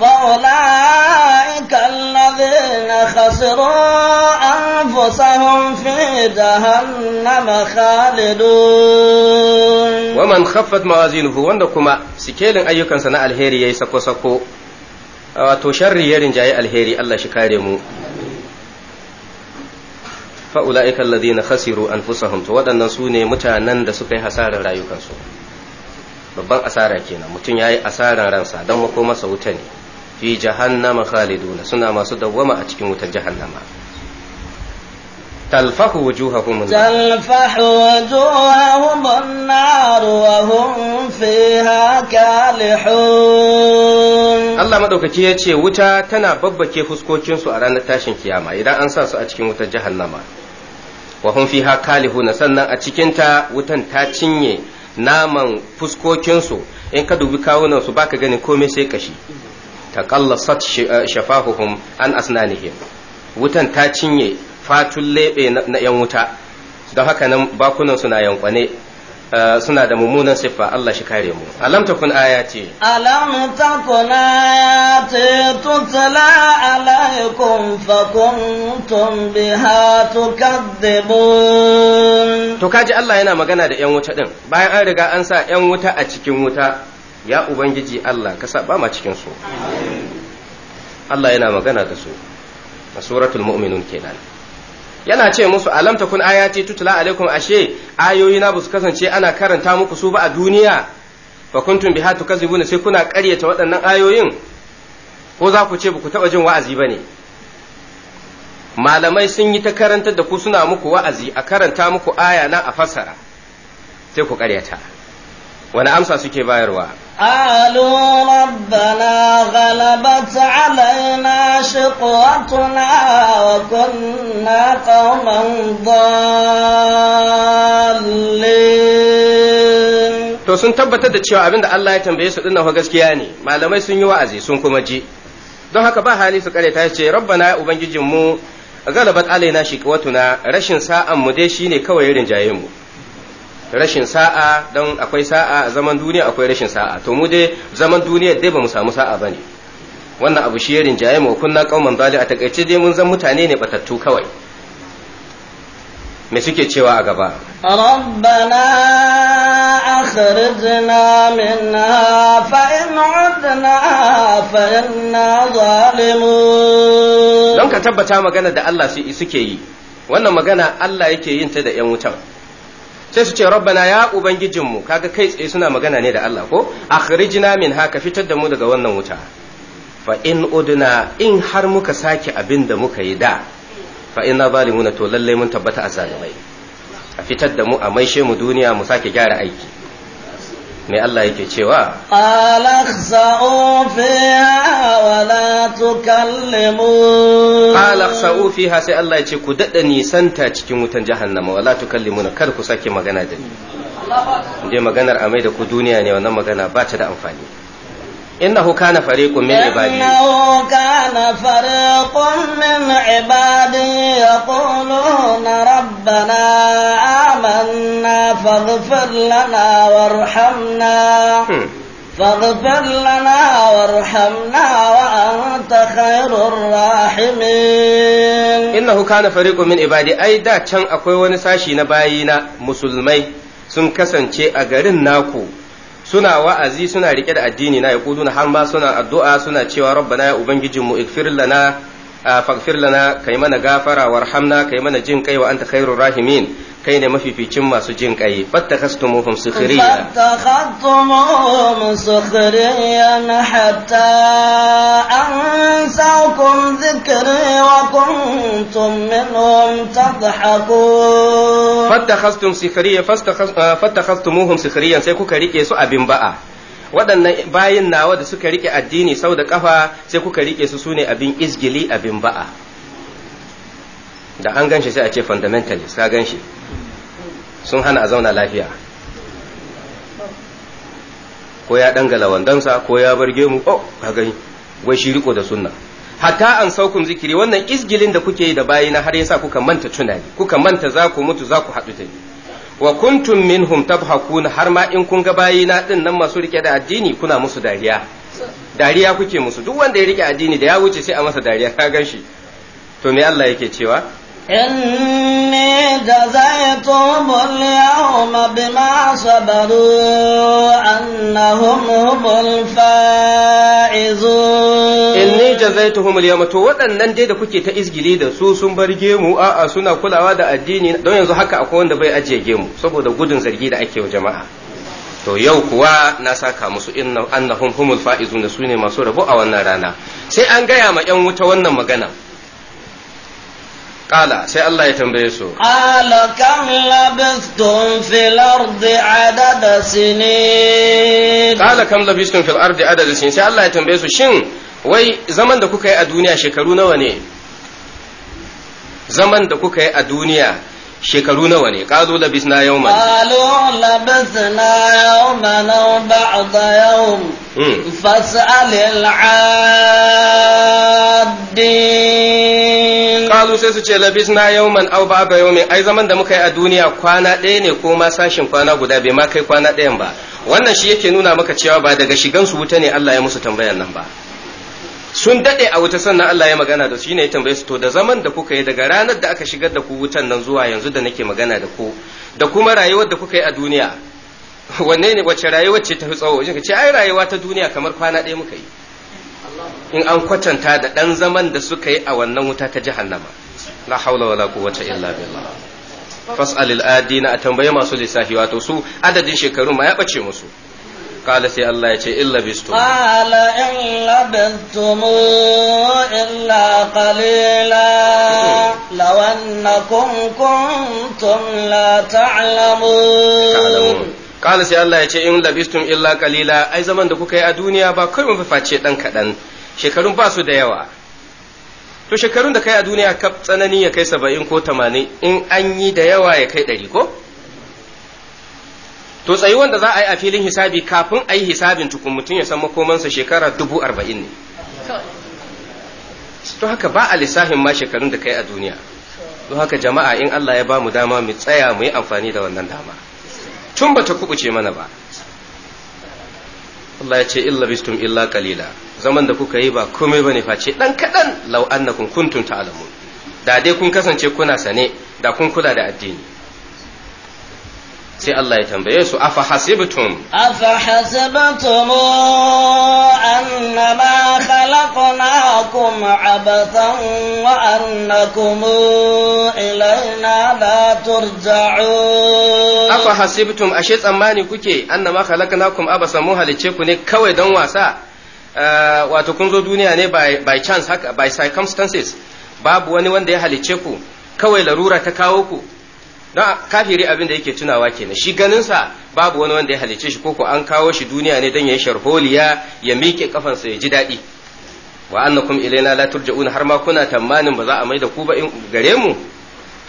فأولئك الذين خسروا أنفسهم في جهنم خالدون ومن خفت موازينه وندكما سكيل أيوكا سنة الهيري يسكو سكو wato sharri ya rinjaye alheri Allah shi kare mu الذين خسروا أنفسهم anfusahum نسوني waɗannan su ne mutanen da suka yi babban asara kenan mutum ya yi asarar ransa don makoma wuta ne fi jahannama khaliduna suna masu dawwama a cikin wutar jahannama Talfahu wujuhahum talfahu wujuhahum an-nar wa hum fiha kalihun Allah madaukaki ya ce wuta tana babbake fuskokinsu a ranar tashin kiyama idan an sa su a cikin wutar jahannama wa hum fiha kalihuna sannan a cikin ta wutan ta cinye naman fuskokinsu in ka dubi kawunan su baka ganin komai sai kashi taqallasat eh, shafahuhum an asnanihim wutan ta cinye fatun lebe na yan wuta don haka nan bakunan suna yankwane eh, suna da mummunan siffa Allah shi kare mu alam takun ayati alam takun ayati tutla alaikum fa kuntum biha tukadzibun to kaji Allah yana magana da yan wuta din bayan an riga an sa yan wuta a cikin wuta ya ubangiji Allah ka saba ma cikin su Allah yana magana da su a suratul mu'minun kenan yana ce musu alam takun ayati tutla alaikum ashe ayoyi na su kasance ana karanta muku su ba a duniya fa kuntum biha tukazibuna sai kuna ƙaryata waɗannan ayoyin ko za ku ce ba ku taɓa jin wa'azi ba ne malamai sun yi ta karantar da ku suna muku wa'azi a karanta muku aya na a fassara sai ku ƙaryata wani amsa suke bayarwa قالوا ربنا غلبت علينا شقوتنا وكنا قوما ضالين to sun tabbatar da cewa abinda Allah ya tambaye su dinnan gaskiya ne malamai sun yi wa'azi sun kuma ji don haka ba hali su kare ta ce rabbana ubangijinmu galabat alaina shiqwatuna rashin sa'an mu dai shine kawai rinjaye mu rashin sa'a don akwai sa'a zaman duniya akwai rashin sa'a to mu dai zaman duniya dai ba mu samu sa'a ba ne. wannan abu shi ya jaye mu kunna kauman zali a takaice dai mun zan mutane ne batattu kawai me suke cewa a gaba rabbana akhrijna minna fa in udna fa inna zalimun don ka tabbata magana da Allah suke yi wannan magana Allah yake yin ta da yan wutan sai su ce rabbana ya ubangijinmu kaga kai tsaye suna magana ne da Allah ko akhrijna min haka fitar da mu daga wannan wuta fa in udna in har muka sake abin da muka yi da fa inna zalimuna to lalle mun tabbata a zalimai a fitar da mu a maishe mu duniya mu sake gyara aiki me Allah yake cewa qala khsa'u fiha wa la sai Allah ya ce ku dada nisanta cikin wutan jahannama wa la na kar ku sake magana da ni dai maganar amai da ku duniya ne wannan magana ba ta da amfani إنه كان فريق من عبادي إنه كان فريق من عبادي يقولون ربنا آمنا فاغفر لنا وارحمنا فاغفر لنا وارحمنا وأنت خير الراحمين إنه كان فريق من عبادي أي دا كان أكوي ونساشي نباينا مسلمي سنكسن شيء أغرين ناكو suna wa'azi suna rike da addini na na har ma suna addu'a suna cewa rabbana ya mu igfir lana faghfir lana kai mana gafara warhamna kai mana jin kai wa anta khairur rahimin kai ne mafificin masu jin kai fattakastumuhum sukhriya fattakastumuhum sukhriyan hatta ansaukum dhikri wa kuntum minhum tadhakun fattakastum sukhriya fattakastumuhum ah, sukhriyan sai kuka rike su abin ba'a waɗannan bayin nawa da suka rike addini sau da ƙafa sai kuka rike su sune abin izgili abin ba'a da an ganshi sai a ce fundamentalist ka ganshi sun hana a zauna lafiya ko ya dangala wandonsa ko ya bar gemu oh ka gani wai shi riko da sunna hatta an saukun zikiri wannan isgilin da kuke yi da na har yasa kuka manta tunani kuka manta za ku mutu za ku haɗu ta ni wa kuntum minhum tabhakuna har ma in kun ga na din nan masu rike da addini kuna musu dariya dariya kuke musu duk wanda ya rike addini da ya wuce sai a masa dariya ka gan to me Allah yake cewa إني جزيتهم اليوم بما صبروا أنهم هم الفائزون إني جزيتهم اليوم تو waɗannan dai da kuke ta izgili da su sun bar gemu a suna kulawa da addini don yanzu haka akwai wanda bai ajiye gemu saboda gudun zargi da ake wa jama'a to yau kuwa na saka musu inna annahum humul fa'izun da su ne masu rabo a wannan rana sai an gaya ma 'yan wuta wannan magana Ƙala sai Allah ya tambaye su. Ƙala kam labistun fil ardi adada sinin. Ƙala kam labistun fil ardi adada sinin sai Allah ya tambaye shin wai zaman da kuka yi a duniya shekaru nawa ne? Zaman da kuka yi a duniya shekaru nawa ne qalu labisna yawman qalu labisna yawman aw ba'da yawm fas'al al qalu sai su ce labisna yawman aw ba'da ai zaman da muka yi a duniya kwana ɗaya ne ko ma sashin kwana guda bai ma kai kwana ɗayan ba wannan shi yake nuna maka cewa ba daga shigan su wuta ne Allah ya musu tambayar nan ba sun daɗe a wuta sannan Allah ya magana da su shine ya tambaye su to da zaman da kuka yi daga ranar da aka shigar da ku wutan nan zuwa yanzu da nake magana da ku da kuma rayuwar da kuka yi a duniya wanne ne wacce rayuwar ce ta fi tsawo ka ce ai rayuwa ta duniya kamar kwana ɗaya muka yi in an kwatanta da ɗan zaman da suka yi a wannan wuta ta jahannama la haula wala quwwata illa billah fas'alil adina a tambaye masu lissafi wato su adadin shekarun ma ya bace musu قال سي الله يا يتي إلا بستم قال إن لبثتم إلا قليلا لو أنكم كنتم لا تعلمون, قال سي الله يا يتي إن لبثتم إلا قليلا أي زمن دكوك يا دنيا با كل مفاتشي دن كدن shekarun ba su da yawa to shekarun da kai a duniya kaf tsanani ya kai saba'in ko tamanin in an yi da yawa ya kai ɗari ko to tsayi wanda za a yi a filin hisabi kafin a yi hisabin tukun mutum ya san makomansa shekara dubu arba'in ne to haka ba a lissafin ma shekarun da kai a duniya don haka jama'a in Allah ya ba mu dama mu tsaya mu yi amfani da wannan dama tun ba ta kubuce mana ba Allah ya ce illa bistum illa kalila zaman da kuka yi ba komai bane face dan kadan law annakum kuntum ta'lamun da dai kun kasance kuna sane da kun kula da addini sai Allah ya tambaye su afa hasibtum afa hasibtum annama khalaqnakum abathan wa annakum ilayna la turja'un afa hasibtum ashe tsammani kuke annama khalaqnakum abasan mu halice ku ne kawai dan wasa eh, wato kun zo duniya ne by chance haka by circumstances babu wani wanda ya halice ku kawai larura ta kawo ku don kafiri abin da yake tunawa kenan shi ganinsa babu wani wanda ya halice shi koko an kawo shi duniya ne don ya sharholiya ya miƙe kafansa ya ji daɗi wa annakum ilaina la turja'una har ma kuna tamanin ba za a maida ku ba in gare mu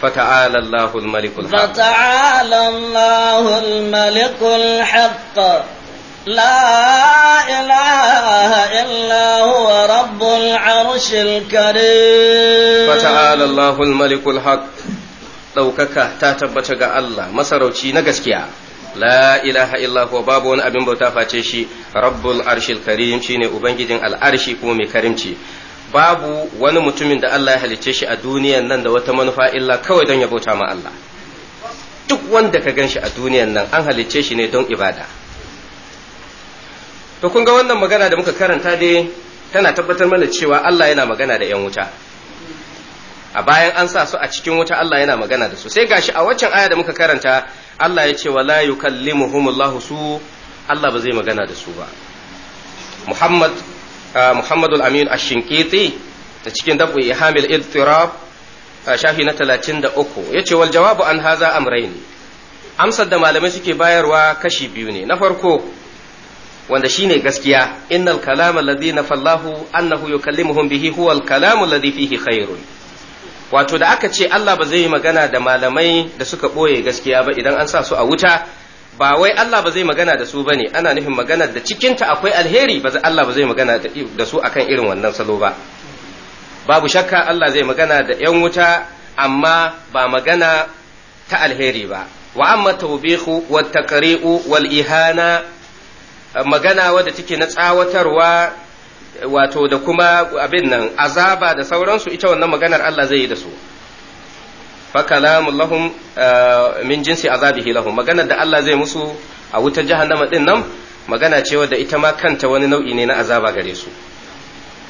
فتعالى الله الملك الحق فتعالى الله الملك الحق لا إله إلا هو رب العرش الكريم فتعالى الله الملك الحق ɗaukaka ta tabbata ga Allah masarauci na gaskiya la ilaha illa wa babu wani abin bauta face shi rabbul arshil karim shine ubangijin al'arshi kuma mai karimci babu wani mutumin da Allah ya halicce shi a duniyan nan da wata manufa illa kawai don ya bauta ma Allah duk wanda ka ganshi shi a duniyan nan an halicce shi ne don ibada to kun ga wannan magana da muka karanta dai tana tabbatar mana cewa Allah yana magana da 'yan wuta a bayan an sa su a cikin wuta Allah yana magana da su sai gashi a waccan aya da muka karanta Allah ya ce wala yukallimuhumullahu su Allah ba zai magana da su ba Muhammad ah, Muhammadul Amin Ash-Shinqiti da cikin dabu Ihamil Idtirab ah, shafi na 33 yace wal jawabu an haza amrayn amsar da malamai suke bayarwa kashi biyu ne na farko wanda shine gaskiya innal kalama alladhi nafallahu annahu yukallimuhum bihi huwa al kalamu alladhi fihi khairun wato da aka ce Allah ba zai yi magana da malamai da suka ɓoye gaskiya ba idan an sa su a wuta ba wai Allah ba zai magana da su bane ana nufin magana da cikinta akwai alheri ba Allah ba zai magana da su akan irin wannan salo ba babu shakka Allah zai magana da ‘yan wuta amma ba magana ta alheri ba wa amma tawbihu wat taqri'u wal ihana magana wadda take na tsawatarwa wato da kuma abin nan azaba da sauransu ita wannan maganar Allah zai yi da su fakalamu lahum eh, min jinsi azabihi lahum maganar da Allah zai musu a wutar jahannama din nan magana ce wadda ita ma kanta wani nau'i ne na azaba gare su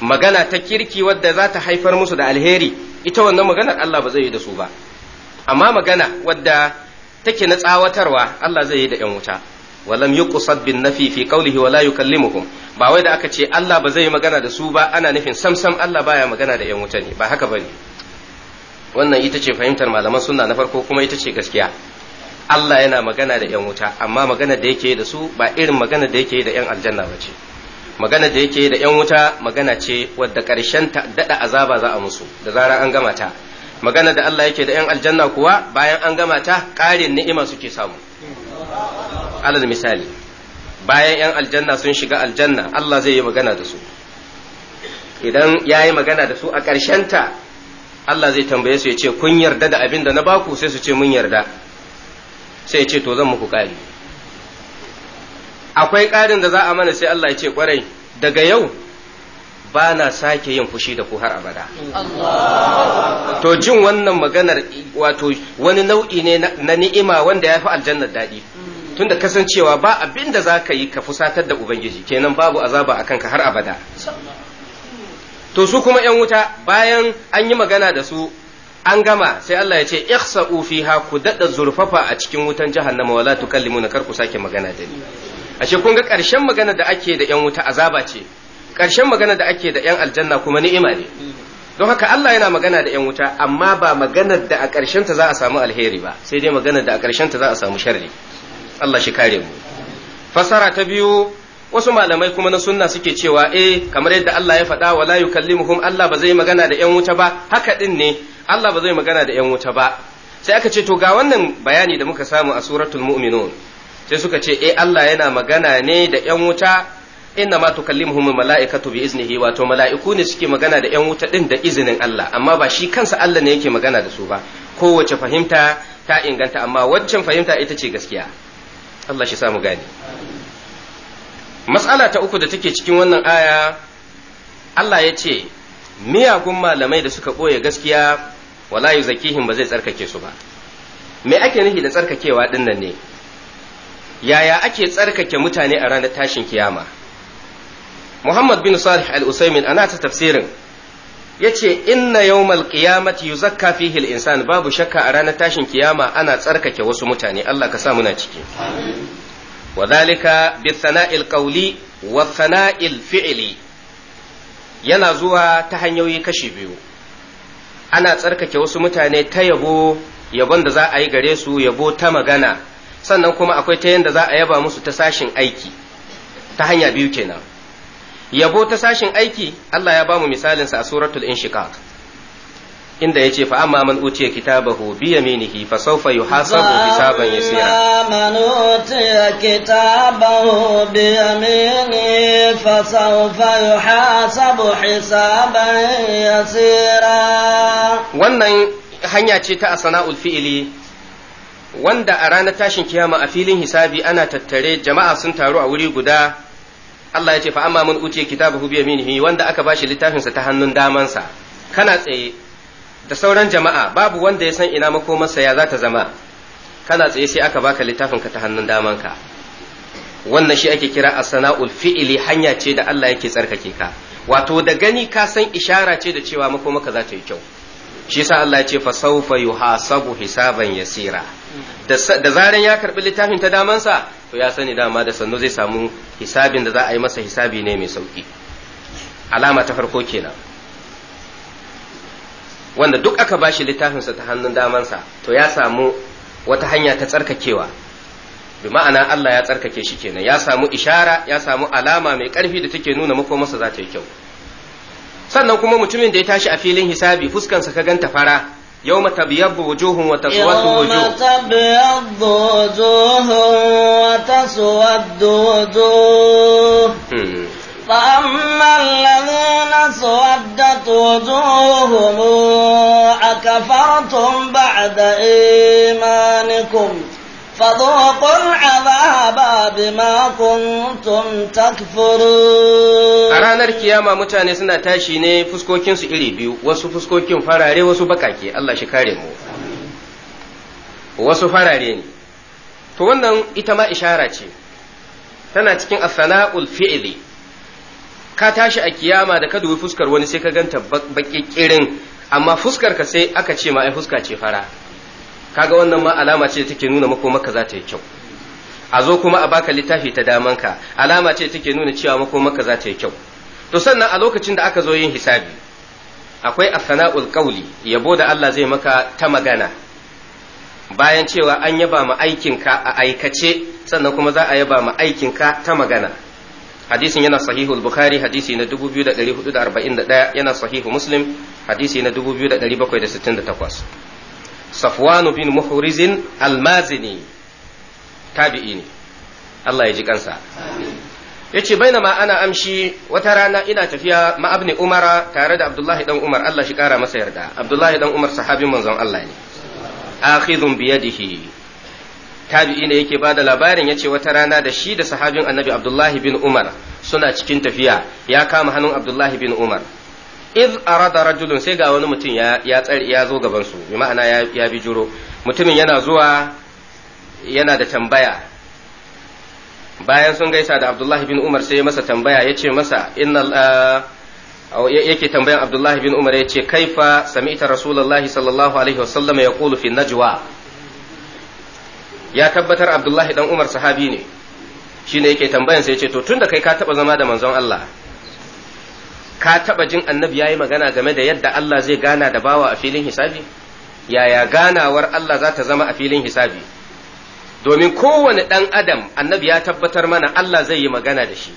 magana ta kirki wadda za ta haifar musu da alheri ita wannan maganar Allah ba zai yi da su ba amma magana wadda take na tsawatarwa Allah zai yi da 'yan wuta walam yuqsad bin nafi fi qawlihi wala yukallimuhum ba wai da aka ce Allah ba zai yi magana da su ba ana nufin samsam Allah baya magana da yan wuta ne ba haka bane wannan ita ce fahimtar malaman sunna na farko kuma ita ce gaskiya Allah yana magana da yan wuta amma magana da yake da su ba irin magana da yake da yan aljanna ba ce magana da yake da yan wuta magana ce wadda karshen ta dada azaba za a musu da zarar an gama ta magana da Allah yake da yan aljanna kuwa bayan an gama ta ƙarin ni'ima suke samu alal misali bayan 'yan aljanna sun shiga aljanna Allah zai yi magana da su idan ya yi magana da su a ta Allah zai tambaye su ya ce kun yarda da abin da na baku sai su ce mun yarda sai ya ce to zan muku ƙari akwai ƙarin da za a mana sai Allah ya ce ƙwarai daga yau ba na sake yin fushi da ku har abada to jin wannan maganar wato wani nau'i ne na ni'ima wanda ya fi aljannar daɗi tunda kasancewa ba abin da za yi ka fusatar da ubangiji kenan babu azaba a kanka har abada to su kuma yan wuta bayan an yi magana da su an gama sai Allah ya ce ihsa'u fiha ku dada zurfafa a cikin wutan jahannama wala tukallimuna kar ku sake magana da ni ashe kun ga ƙarshen magana da ake da yan wuta azaba ce ƙarshen magana da ake da yan aljanna kuma ni'ima ne don haka Allah yana magana da 'yan wuta amma ba maganar da a ta za a samu alheri ba sai dai maganar da a ta za a samu sharri Allah shi kare mu fasara ta biyu wasu malamai kuma na sunna suke cewa eh kamar yadda Allah ya faɗa wala yukallimuhum Allah ba zai magana da yan wuta ba haka din ne Allah ba zai magana da yan wuta ba sai aka ce to ga wannan bayani da muka samu a suratul mu'minun sai suka ce eh Allah yana magana ne da ƴan wuta inna ma tukallimuhum malaikatu bi iznihi wato mala'iku ne suke magana da yan wuta din da izinin Allah amma ba shi kansa Allah ne yake magana da su ba kowace fahimta ta inganta amma waccan fahimta ita ce gaskiya Allah shi samu gani mas'ala ta uku da take cikin wannan aya Allah ya ce miyagun malamai da suka ɓoye gaskiya walayu zakihin ba zai tsarkake su ba me ake nufi da tsarkakewa dinnan ne yaya ake tsarkake mutane a ranar tashin kiyama Muhammad bin Salih Al-Usaimin ana ta tafsirin yace inna yawmal qiyamati yuzakka fihi al-insan babu shakka a ranar tashin kiyama ana tsarkake wasu mutane Allah ka sa muna ciki wa dhalika bi thana'il qawli wa thana'il fi'li yana zuwa ta hanyoyi kashi biyu ana tsarkake wasu mutane ta yabo yabon da za a yi gare su yabo ta magana sannan kuma akwai ta yanda za a yaba musu ta sashin aiki ta hanya biyu kenan yabo ta sashin aiki Allah ya bamu misalinsa a suratul inshiqaq inda yace fa amma man utiya kitabahu bi yaminihi fa sawfa yuhasabu hisaban yasira man utiya kitabahu bi yaminihi fa sawfa yuhasabu hisaban yasira wannan hanya ce ta asana'ul fi'ili wanda a ranar tashin kiyama a filin hisabi ana tattare jama'a sun taru a wuri guda Allah ya ce fa amma mun uce kitabu bi yaminihi wanda aka bashi littafin sa ta hannun damansa kana tsaye da sauran jama'a babu wanda ya san ina makomarsa ya za zama kana tsaye sai aka baka littafin ka ta hannun damanka wannan shi ake kira as-sana'ul fi'li hanya ce da Allah yake tsarkake ka wato da gani ka san ishara ce da cewa maka za ta yi kyau shi yasa Allah ya ce fa sawfa yuhasabu hisaban yasira da zaran ya karbi littafin ta damansa to ya sani dama da sannu zai samu hisabin da za a yi masa hisabi ne mai sauki alama ta farko kenan wanda duk aka bashi littafinsa ta hannun damansa to ya samu wata hanya ta tsarkakewa bi ma'ana Allah ya tsarkake shi kenan ya samu ishara ya samu alama mai ƙarfi da take nuna masa za ta yi kyau sannan kuma mutumin da ya tashi a filin hisabi fuskansa ka ganta fara يوم تبيض وجوه وتسود وجوه يوم تبيض وجوه وتسود وجوه فأما الذين سودت وجوههم أكفرتم بعد إيمانكم فذوقوا العذاب بما كنتم تكفرون a ranar kiyama mutane suna tashi ne fuskokinsu iri biyu wasu fuskokin farare wasu bakake Allah shi kare mu wasu farare ne to wannan ita ma ishara ce tana cikin asana'ul fi'li ka tashi a kiyama da ka dubi fuskar wani sai ka ganta baƙi amma fuskar ka sai aka ce ma ai fuska ce fara kaga wannan ma alama ce take nuna maka za ta yi kyau a zo kuma a baka littafi ta damanka alama ce take nuna cewa maka za ta yi kyau to sannan a lokacin da aka zo yin hisabi akwai asana'ul qauli yabo da Allah zai maka ta magana bayan cewa an yaba ma aikinka a aikace sannan kuma za a yaba ma aikinka ta magana hadisin yana sahihu al bukhari hadisi na 2441 yana sahihu muslim hadisi na 2768 safwanu bin muhrizin almazini tabi'i ne Allah ya ji kansa yace bainama ana amshi wata rana ina tafiya ma Umar tare da abdullahi dan umar Allah shi kara masa yarda abdullahi dan umar sahabin manzon Allah ne akhidhun bi yadihi tabi'i ne yake bada labarin ya ce wata rana da shi da sahabin annabi abdullahi bin umar suna cikin tafiya ya kama hannun abdullahi bin umar iz arada rajulun sai ga wani mutum ya ya zo gaban su bi ma'ana ya bi juro mutumin yana zuwa yana da tambaya bayan sun gaisa da Abdullahi bin Umar sai masa tambaya ya ce masa innal ah, yake tambayan Abdullahi bin Umar ya ce kaifa sami'ta Rasulullahi sallallahu alaihi wasallam ya qulu fi najwa ya tabbatar Abdullahi dan Umar sahabi ne shine yake tambayan sai ya ce to tunda kai ka taba zama da manzon Allah ka taba jin annabi yayi magana game da yadda Allah zai gana da bawa a filin hisabi yaya ganawar Allah za ta zama a filin hisabi domin kowane dan adam annabi ya tabbatar mana Allah zai yi magana da shi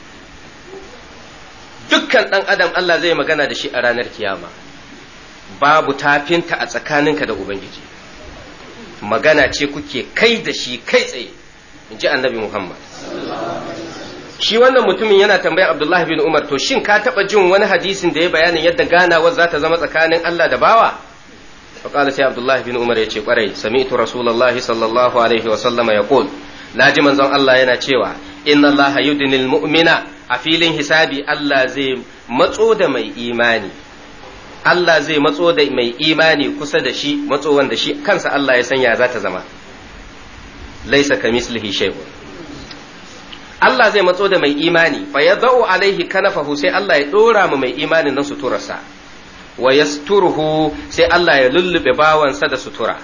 dukkan dan adam Allah zai yi magana da shi a ranar kiyama babu tafinta a tsakaninka da ubangiji magana ce kuke kai da shi kai tsaye in ji annabi muhammad shi wannan mutumin yana tambayar Abdullahi bin Umar to shin ka taba jin wani hadisin da ya bayanin yadda ganawar za ta zama tsakanin Allah da bawa sai سي bin Umar ya ce kwarai, قري سمعت رسول الله صلى الله عليه وسلم يقول ناجي منزon Allah yana cewa inna Allah yudnil mu'mina a filin hisabi Allah zai matso da mai imani kusa da shi matso wanda shi kansa Allah ya sanya za ta zama laisa kamislihi shay'un Allah zai matso da mai imani fa ya za'u alaihi kanafahu sai Allah ya ɗora mu mai imanin na suturarsa wa yasturuhu sai Allah ya lullube bawansa da sutura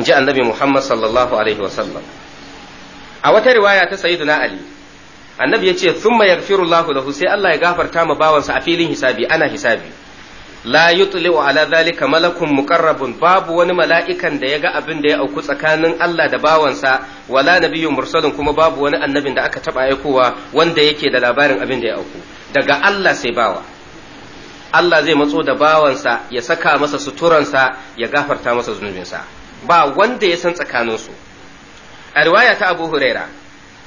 in ji annabi Muhammad sallallahu alaihi wasallam a wata riwaya ta na Ali annabi ya ce thumma yaghfirullahu lahu sai Allah ya gafarta ma bawansa a filin hisabi ana hisabi la yutli'u ala zalika malakun muqarrabun babu wani mala'ikan da ya ga abin da ya auku tsakanin Allah da bawansa wala nabiyyu mursalun kuma babu wani annabin da aka taba aikowa wanda yake da labarin abin da ya auku daga Allah sai bawa Allah zai matso da bawansa ya saka masa suturansa ya gafarta masa zunubinsa ba wanda ya san tsakanin su a riwaya ta Abu Huraira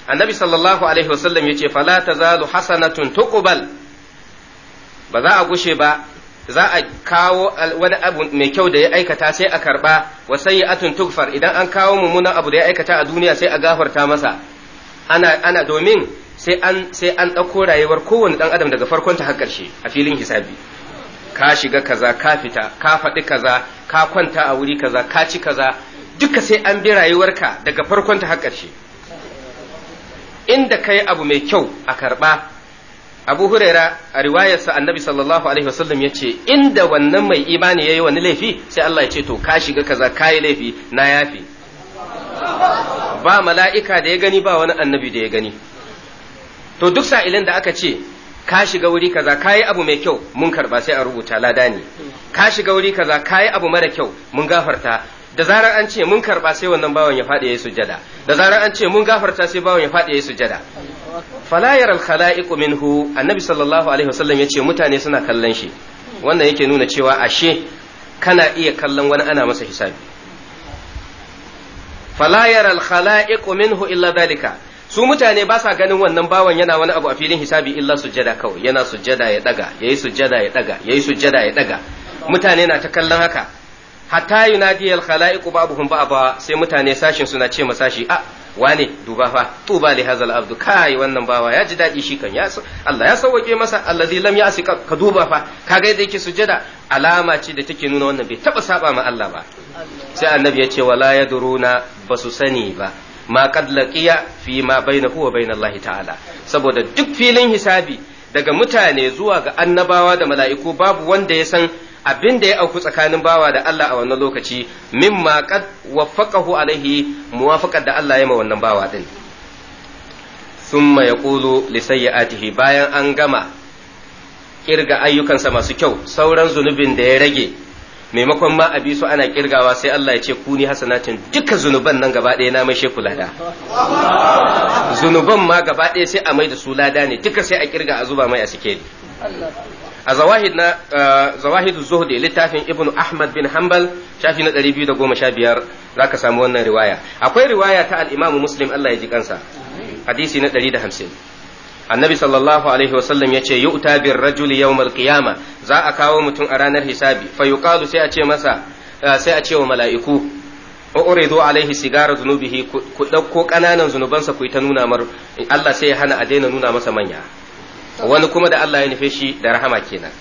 annabi sallallahu alaihi wasallam yace fala tazalu hasanatun tuqbal ba za a gushe ba za a kawo wani abu mai kyau da ya aikata sai a karba wa atun tukfar idan an kawo mummunan abu da ya aikata a duniya sai a gafarta masa ana domin sai an sai an dauko rayuwar kowane ɗan adam daga farkon ta har karshe a filin hisabi ka shiga kaza ka fita ka faɗi kaza ka kwanta a wuri kaza ka ci kaza duka sai an bi rayuwarka daga farkon ta har karshe inda kai abu mai kyau a karba abu huraira a riwayarsa annabi sallallahu alaihi wasallam ya ce inda wannan mai imani ya yi wani laifi sai Allah ya ce to ka shiga kaza ka yi laifi na yafi ba mala'ika da ya gani ba wani annabi da ya gani to duk sa'ilin da aka ce ka shiga wuri kaza ka yi abu mai kyau mun karba sai a rubuta lada ne ka shiga wuri kaza ka yi abu mara kyau mun gafarta da zarar an ce mun karba sai wannan bawan ya faɗi yayi sujada da zarar an ce mun gafarta sai bawan ya faɗi yayi sujada fala al khalaiqu minhu annabi sallallahu alaihi wasallam yace mutane suna kallon shi wannan yake nuna cewa ashe kana iya kallon wani ana masa hisabi fala al khalaiqu minhu illa dalika su mutane ba sa ganin wannan bawan yana wani abu a filin hisabi illa sujada kawai yana sujada ya daga yayi sujada ya daga yayi sujada ya daga mutane na ta kallon haka hatta yunadi al khalaiqu ba'dhum ba'dha sai mutane sashin suna ce ma sashi a ah, wane duba fa tuba li hazal abdu kai wannan bawa ya ji dadi shi kan ya Allah ya sauke masa allazi lam ya'si ka duba fa kaga yadda yake sujada alama ce da take nuna wannan bai taba saba ma Allah ba sai annabi ya ce wala yadruna basu sani ba ma qad laqiya fi ma bainahu wa bainallahi ta'ala saboda duk filin hisabi daga mutane zuwa ga annabawa da mala'iku babu wanda ya san abin da ya auku tsakanin bawa da Allah a wannan lokaci mimma kad waffaqahu alaihi muwafaqat da Allah ya ma wannan bawa din thumma yaqulu li sayyi'atihi bayan an gama kirga ayyukansa masu kyau sauran zunubin da ya rage maimakon ma a su ana kirgawa sai Allah ya ce ku ni hasanatin duka zunuban nan gaba ɗaya na mai sheku lada zunuban ma gaba ɗaya sai a mai da su lada ne duka sai a kirga a zuba mai a sikeli a zawahid na zawahidu zuhdi littafin ibnu ahmad bin hanbal shafi na 215 zaka samu wannan riwaya akwai riwaya ta al-imam muslim Allah ya ji kansa hadisi na 150 annabi sallallahu alaihi wasallam ya ce yu'ta bir rajuli yawmal qiyama za a kawo mutum a ranar hisabi fa yuqalu sai a ce masa sai a ce wa mala'iku uridu alaihi sigara zunubihi ku dauko kananan zunubansa ku ta nuna mar Allah sai ya hana a daina nuna masa manya wani kuma da Allah ya nufe shi da rahama kenan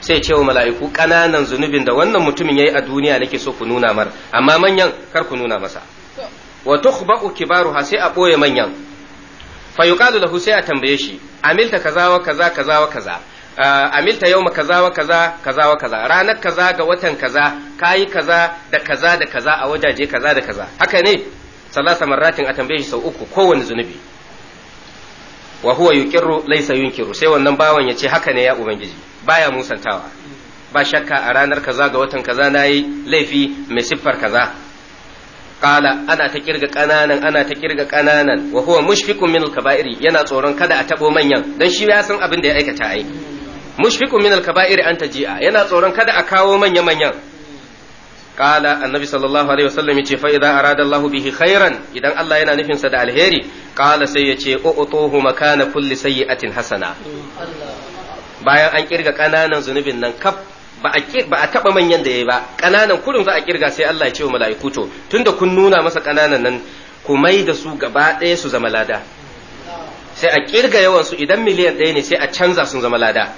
sai ce wa mala'iku ƙananan zunubin da wannan mutumin ya yi a duniya nake so ku nuna mar amma manyan kar ku nuna masa wa tukhba'u kibaruha sai a boye manyan fa yuqalu lahu sai a tambaye shi amilta kaza wa kaza kaza wa kaza ah, amilta yawma kaza wa kaza kaza wa kaza ranar kaza ga watan kaza kayi kaza da kaza da kaza a wajaje kaza da kaza haka ne salasa maratin a tambaye shi sau uku kowane zunubi wa huwa yuqirru laysa yunkiru sai wannan bawan ya ce haka ne ya ubangiji baya musantawa ba shakka a ranar kaza ga watan kaza nayi laifi mai siffar kaza qala ana ta kirga kananan ana ta kirga kananan wa huwa mushfiqun min kabairi yana tsoron kada a tabo manyan dan shi ya san abin da ya aikata ai mushfiqun min al-kaba'iri an taji'a yana tsoron kada a kawo manya manyan qala annabi sallallahu alaihi wasallam yace fa idza arada Allah bihi khairan idan Allah yana nufin sa da alheri kala sai yace utuhu makana kulli sayyi'atin hasana bayan an kirga kananan zunubin nan kaf ba a ba a taba manyan da yayi ba kananan kurin za a kirga sai Allah ya ce wa mala'iku to tunda kun nuna masa kananan nan ku mai da su gaba ɗaya su zama lada sai a kirga yawan su idan miliyan ɗaya ne sai a canza sun zama lada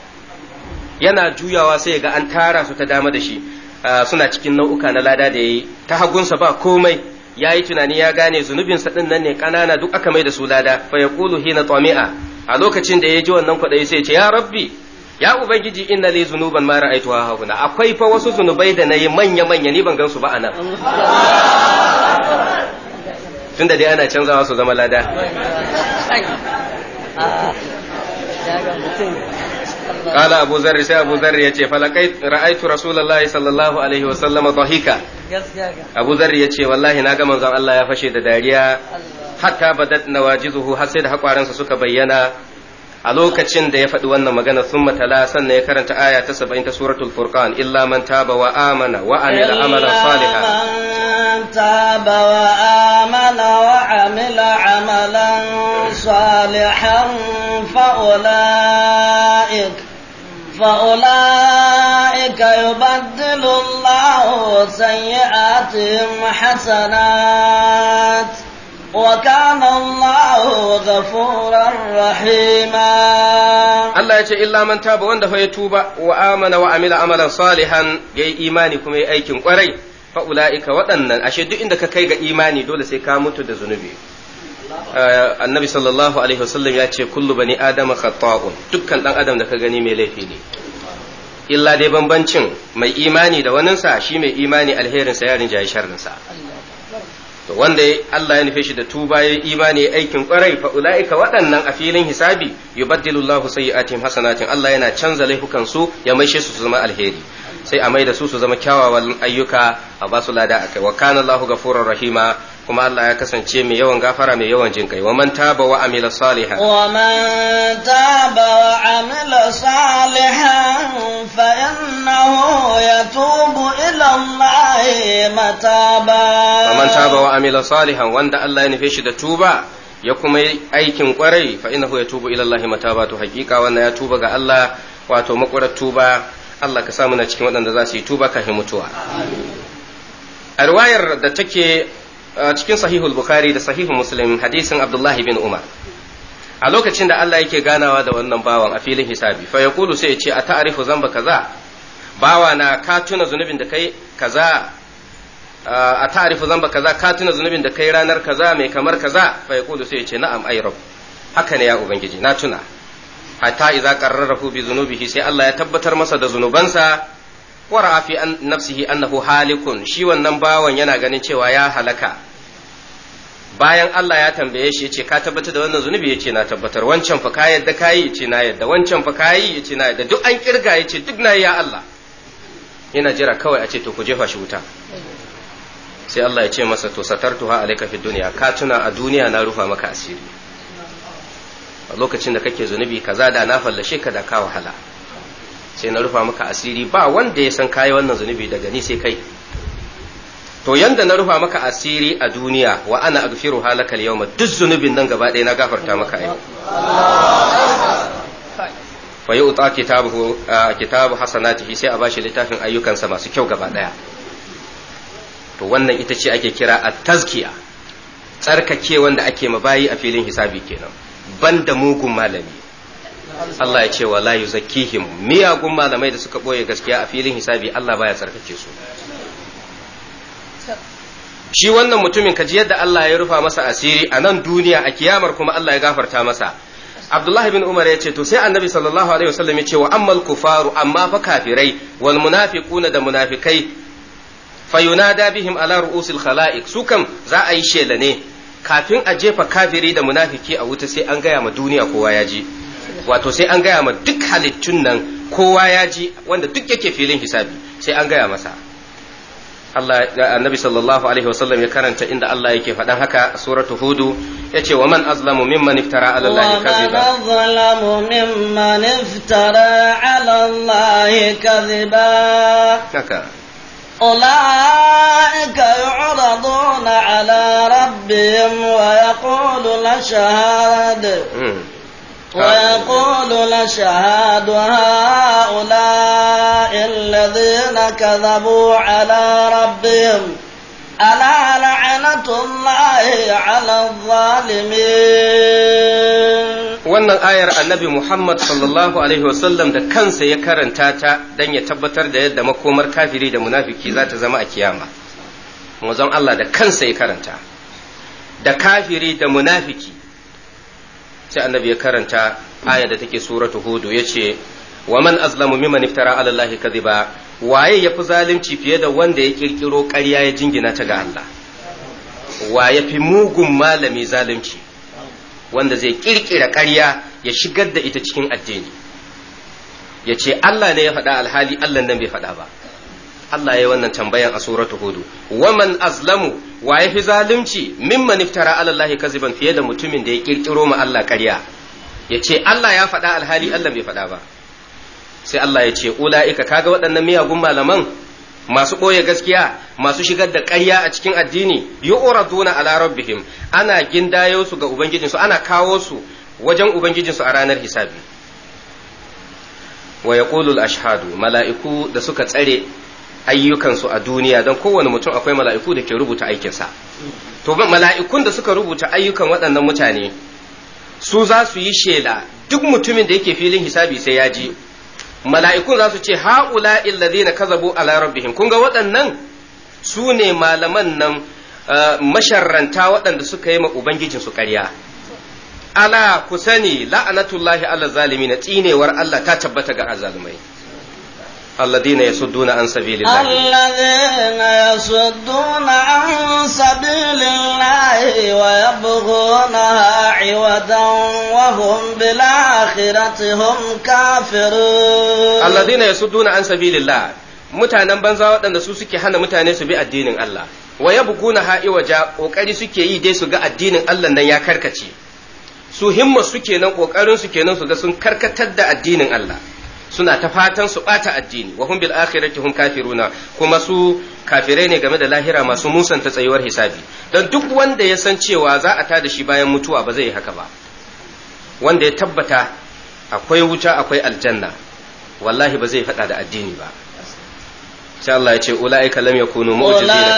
yana juyawa sai ga an tara su ta dama da shi suna cikin nau'uka na lada da yayi ta hagunsa ba komai yayi tunani ya gane zunubinsa ɗin nan ne kanana duk aka mai da su lada fa yaqulu hina tami'a a lokacin da ya ji wannan kwaɗayi sai ce ya rabbi ya ubangiji inna li zunuban ma ra'aituha hauna akwai fa wasu zunubai da nayi manya manya ni ban gan su ba anan tunda dai ana canzawa su zama lada kala abu zarri sai abu zarri yace falaqait ra'aytu rasulullahi sallallahu alaihi wa sallam dhahika abu zarri yace wallahi na ga manzon Allah ya fashe da dariya hatta badat nawajizuhu har sai da hakwaransa suka bayyana a lokacin da ya faɗi wannan magana sun matala sannan ya karanta aya ta saba'in ta suratul furqan illa man taba wa amana wa amila amalan salihan man wa amana wa amalan fa فأولئك يبدل الله سيئاتهم حسنات وكان الله غفورا رحيما الله يجي إلا من تاب وانده يتوب وآمن وعمل عملا صالحا يي إيماني كم أيكم قري فأولئك وأنن أشد إنك كيغ إيماني دول سيكامت دزنبي Eh, annabi sallallahu alaihi wasallam ya ce kullu bani adama khata'un dukkan dan adam da ka gani mai laifi ne illa dai bambancin mai imani da waninsa shi mai imani alherin sa yarin jayi sharrin sa to wanda Allah ya nufe shi da tuba ya imani aikin kwarai fa ulaika waɗannan a filin hisabi yubaddilu Allahu sayyi'atihim hasanatin Allah yana canza laifukan su ya maishe su su zama alheri sai a mai da su su zama kyawawan ayyuka a basu lada akai wa kana Allahu ghafurur rahima kuma Allah ya kasance mai yawan gafara mai yawan jin kai wa man taba wa amila salihan wa man taba wa amila salihan fa innahu yatubu ila Allah mataba wa man taba wa amila salihan wanda Allah ya nufe shi da tuba ya kuma aikin kwarai fa innahu yatubu ila Allah mataba to hakika wannan ya tuba ga Allah wato makwarar tuba Allah ka sa muna cikin waɗanda za su yi tuba kafin mutuwa a riwayar da take cikin sahihul bukhari da sahihul muslim hadisin abdullahi bin umar a lokacin da Allah yake ganawa da wannan bawan a filin hisabi fa Kulu sai ya ce a ta'arifu zamba kaza bawa na ka tuna zunubin da kai kaza a ta'arifu zamba kaza ka tuna zunubin da kai ranar kaza mai kamar kaza fa Kulu sai ya ce na'am ay rabb haka ne ya ubangiji na tuna hatta iza qarrarahu bi zunubihi sai Allah ya tabbatar masa da zunubansa wa ra'a fi nafsihi annahu halikun shi wannan bawan yana ganin cewa ya halaka bayan Allah ya tambaye shi yace ka tabbatar da wannan zunubi yace na tabbatar wancan fa ka yadda kai yace na yadda wancan fa kai yace na yadda duk an kirga yace duk na ya Allah yana jira kawai a ce to ku jefa shi wuta sai Allah ya ce masa to satartuha alayka fi dunya ka tuna a duniya na rufa maka asiri a lokacin da kake zunubi kaza da na fallashe ka da ka wahala sai na rufa maka asiri ba wanda ya san kayi wannan zunubi daga ni sai kai to yanda na rufa maka asiri a duniya wa ana agfiru halaka yawma duk zunubin nan gaba ɗaya na gafarta maka a yau fa yi uta kitabu kitabu hasanatihi sai a bashi littafin ayyukansa masu kyau gaba ɗaya to wannan ita ce ake kira a tazkiya tsarkake wanda ake mabayi a filin hisabi kenan banda mugun malami Allah ya ce wa la yuzakkihim miyagun malamai da suka boye gaskiya a filin hisabi Allah baya tsarkake su shi wannan mutumin kaji yadda Allah ya rufa masa asiri a nan duniya a kiyamar kuma Allah ya gafarta masa Abdullah bin Umar ya ce to sai Annabi sallallahu alaihi wasallam ya ce wa ammal kufaru amma fa kafirai wal munafiquna da munafikai fayunada bihim ala ru'usil khala'iq su za a yi shela ne kafin a jefa kafiri da munafiki a wuta sai an gaya ma duniya kowa ya ji wato sai an gaya ma duk halittun nan kowa ya ji wanda duk yake filin hisabi sai an gaya masa Allah annabi sallallahu alaihi wasallam ya karanta inda Allah yake faɗan haka a suratu hudu yace wa man azlamu mimman iftara ala allahi kadhiba wa man azlamu mimman iftara ala allahi kadhiba haka أولئك يعرضون على ربهم ويقول الشهادة ويقول الأشهاد هؤلاء الذين كذبوا على ربهم ألا لعنة الله على الظالمين wannan ayar annabi Muhammad sallallahu Alaihi wasallam da kansa ya karanta ta don ya tabbatar da yadda makomar kafiri da munafiki za ta zama a kiyama. Mazan Allah da kansa ya karanta, da kafiri da munafiki sai annabi ya karanta aya da take suratu hudu ya ce wa man azlamu mimman iftara ala allahi kadhiba waye yafi zalunci fiye da wanda ya kirkiro ƙarya ya jingina ta ga Allah waye fi mugun malami zalunci wanda zai kirkira ƙarya ya shigar da ita cikin addini ya ce Allah ne ya faɗa alhali Allah nan bai faɗa ba Allah ya yi wannan tambayan a suratu hudu wa man azlamu wa ya fi zalunci mimman iftara alallahi kaziban fiye da mutumin da ya kirkiro ma Allah ƙarya ya ce Allah ya faɗa alhali Allah bai faɗa ba sai Allah ya ce ula'ika kaga waɗannan miyagun malaman masu ɓoye gaskiya masu shigar da ƙarya a cikin addini yu'raduna ala rabbihim ana gindayo su ga ubangijinsu ana kawo su wajen ubangijinsu a ranar hisabi wa yaqulu al-ashhadu mala'iku da suka tsare ayyukansu a duniya don kowane mutum akwai mala'iku da ke rubuta aikinsa to mala'ikun da suka rubuta ayyukan waɗannan mutane su za su yi shela duk mutumin da yake filin hisabi sai ya ji mala'ikun za su ce ha'ula illazina kazabu ala rabbihim kun ga waɗannan su ne malaman nan uh, masharranta waɗanda suka yi ma ubangijin su ƙarya ala ku sani la'anatullahi ala zalimi na tsinewar Allah ta tabbata ga azalmai. الذين يصدون عن سبيل الله الذين يصدون عن سبيل الله ويبغونها عوضا وهم بالآخرة هم كافرون الذين يصدون عن سبيل الله mutanen banza waɗanda su suke hana mutane su bi addinin Allah wa ya buguna ha'i waja ƙoƙari suke yi dai su ga addinin Allah nan ya karkace su himma suke nan ƙoƙarin su kenan su ga sun karkatar da addinin Allah suna ta fatan su ɓata addini wa hum bil akhirati hum kafiruna kuma su kafirai ne game da lahira masu musanta tsayuwar hisabi don duk wanda ya san cewa za a tada shi bayan mutuwa ba zai yi haka ba wanda ya tabbata akwai wuta akwai aljanna wallahi ba zai fada da addini ba insha Allah ya ce ula'ika lam yakunu mu'jizina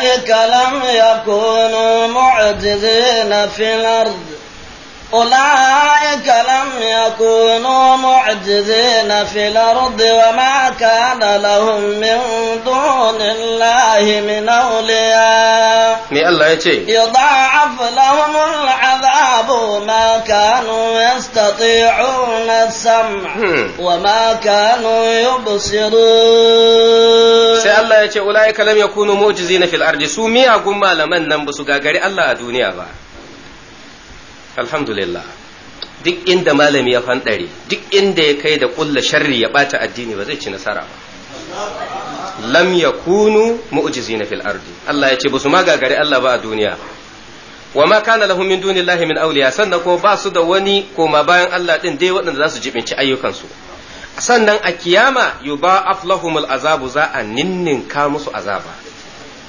fil lam yakunu mu'jizina fil ardi أولئك لم يكونوا معجزين في الأرض وما كان لهم من دون الله من أولياء يضاعف لهم العذاب ما كانوا يستطيعون السمع وما كانوا يبصرون sai Allah ya ce ulai kalam yakunu mu'jizina fil ardi su miyagun malaman nan ba su gagari Allah a duniya ba alhamdulillah duk inda malami ya fanɗare duk inda ya kai da ƙulla sharri ya ɓata addini ba zai ci nasara ba lam yakunu mu'jizina fil ardi Allah ya ce ba su magagari Allah ba a duniya wa ma kana lahum min dunillahi min awliya sannan ko ba su da wani koma bayan Allah din dai waɗanda za su jibinci ayyukansu sannan a kiyama yuba aflahumul azabu za a ninninka musu azaba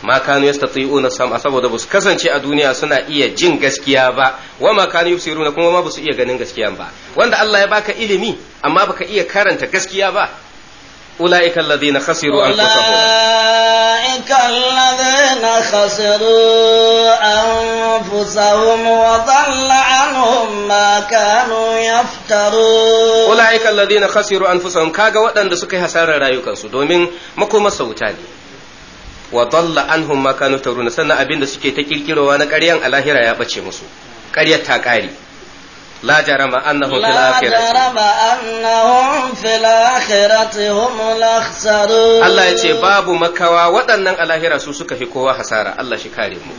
ma kanu yastati'una sam'a saboda bus kasance a duniya suna iya jin gaskiya ba wa ma kanu yusiruna kuma ma su iya ganin gaskiya ba wanda Allah ya baka ilimi amma baka iya karanta gaskiya ba ulaika alladhina khasiru anfusahum ulaika alladhina khasiru anfusahum wa dhalla anhum ma kanu yaftaru ulaika alladhina khasiru anfusahum kaga wadanda suka yi hasarar rayukansu domin makoma sautani wa dalla anhum ma kanu abin sannan suke ta kirkirowa na ƙaryan Alahira ya bace musu ƙaryar ta ƙari la jarama annahum fil akhirati hum al Allah ya ce babu makawa waɗannan Alahira su suka fi kowa hasara Allah shi kare mu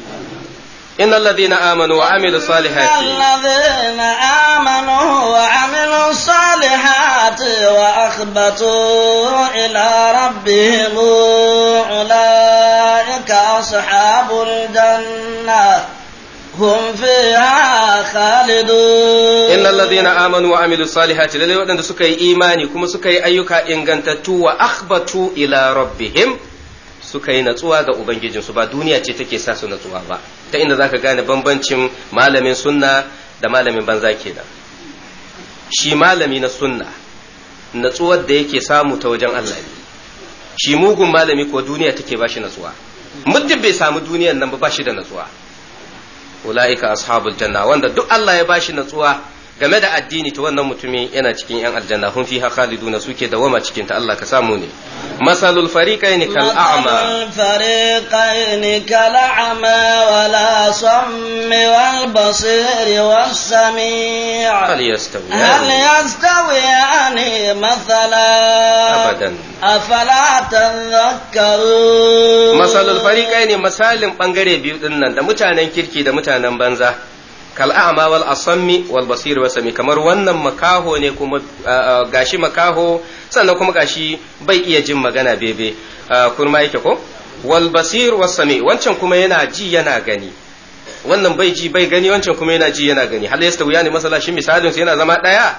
إن الذين آمنوا وعملوا الصالحات إن الذين آمنوا وعملوا الصالحات وأخبتوا إلى ربهم أولئك أصحاب الجنة هم فيها خالدون إن الذين آمنوا وعملوا الصالحات للي ودن سكي إيماني كما سكي أيوكا إنغنتتو وأخبتوا إلى ربهم سكي نتوى غا أبنجي جنسو با دنيا تتكي ساسو نتوى با ta inda ka gane bambancin malamin sunna da malamin banza kenan shi malami na sunna natsuwar da yake samu ta wajen Allah ne shi mugun malami ko duniya take bashi natsuwa muddin bai samu duniyar nan ba bashi da natsuwa ulaika ashabul janna wanda duk Allah ya bashi natsuwa game da addini to wannan mutumin yana cikin yan aljanna hum fiha khaliduna suke da wama cikin ta Allah ka samu ne masalul fariqain kal a'ma fariqain kal a'ma wala sammi wal basir was sami' hal yastawi hal yastawi ani mathala abadan afala tadhakkaru masalul fariqain masalin bangare biyu dinnan da mutanen kirki da mutanen banza kal a'ma wal asammi wal basir wa sami kamar wannan makaho ne kuma gashi makaho sannan kuma gashi bai iya jin magana bebe kurma yake ko wal basir wa sami wancan kuma yana ji yana gani wannan bai ji bai gani wancan kuma yana ji yana gani hal wuya ne masala shi misalin su yana zama daya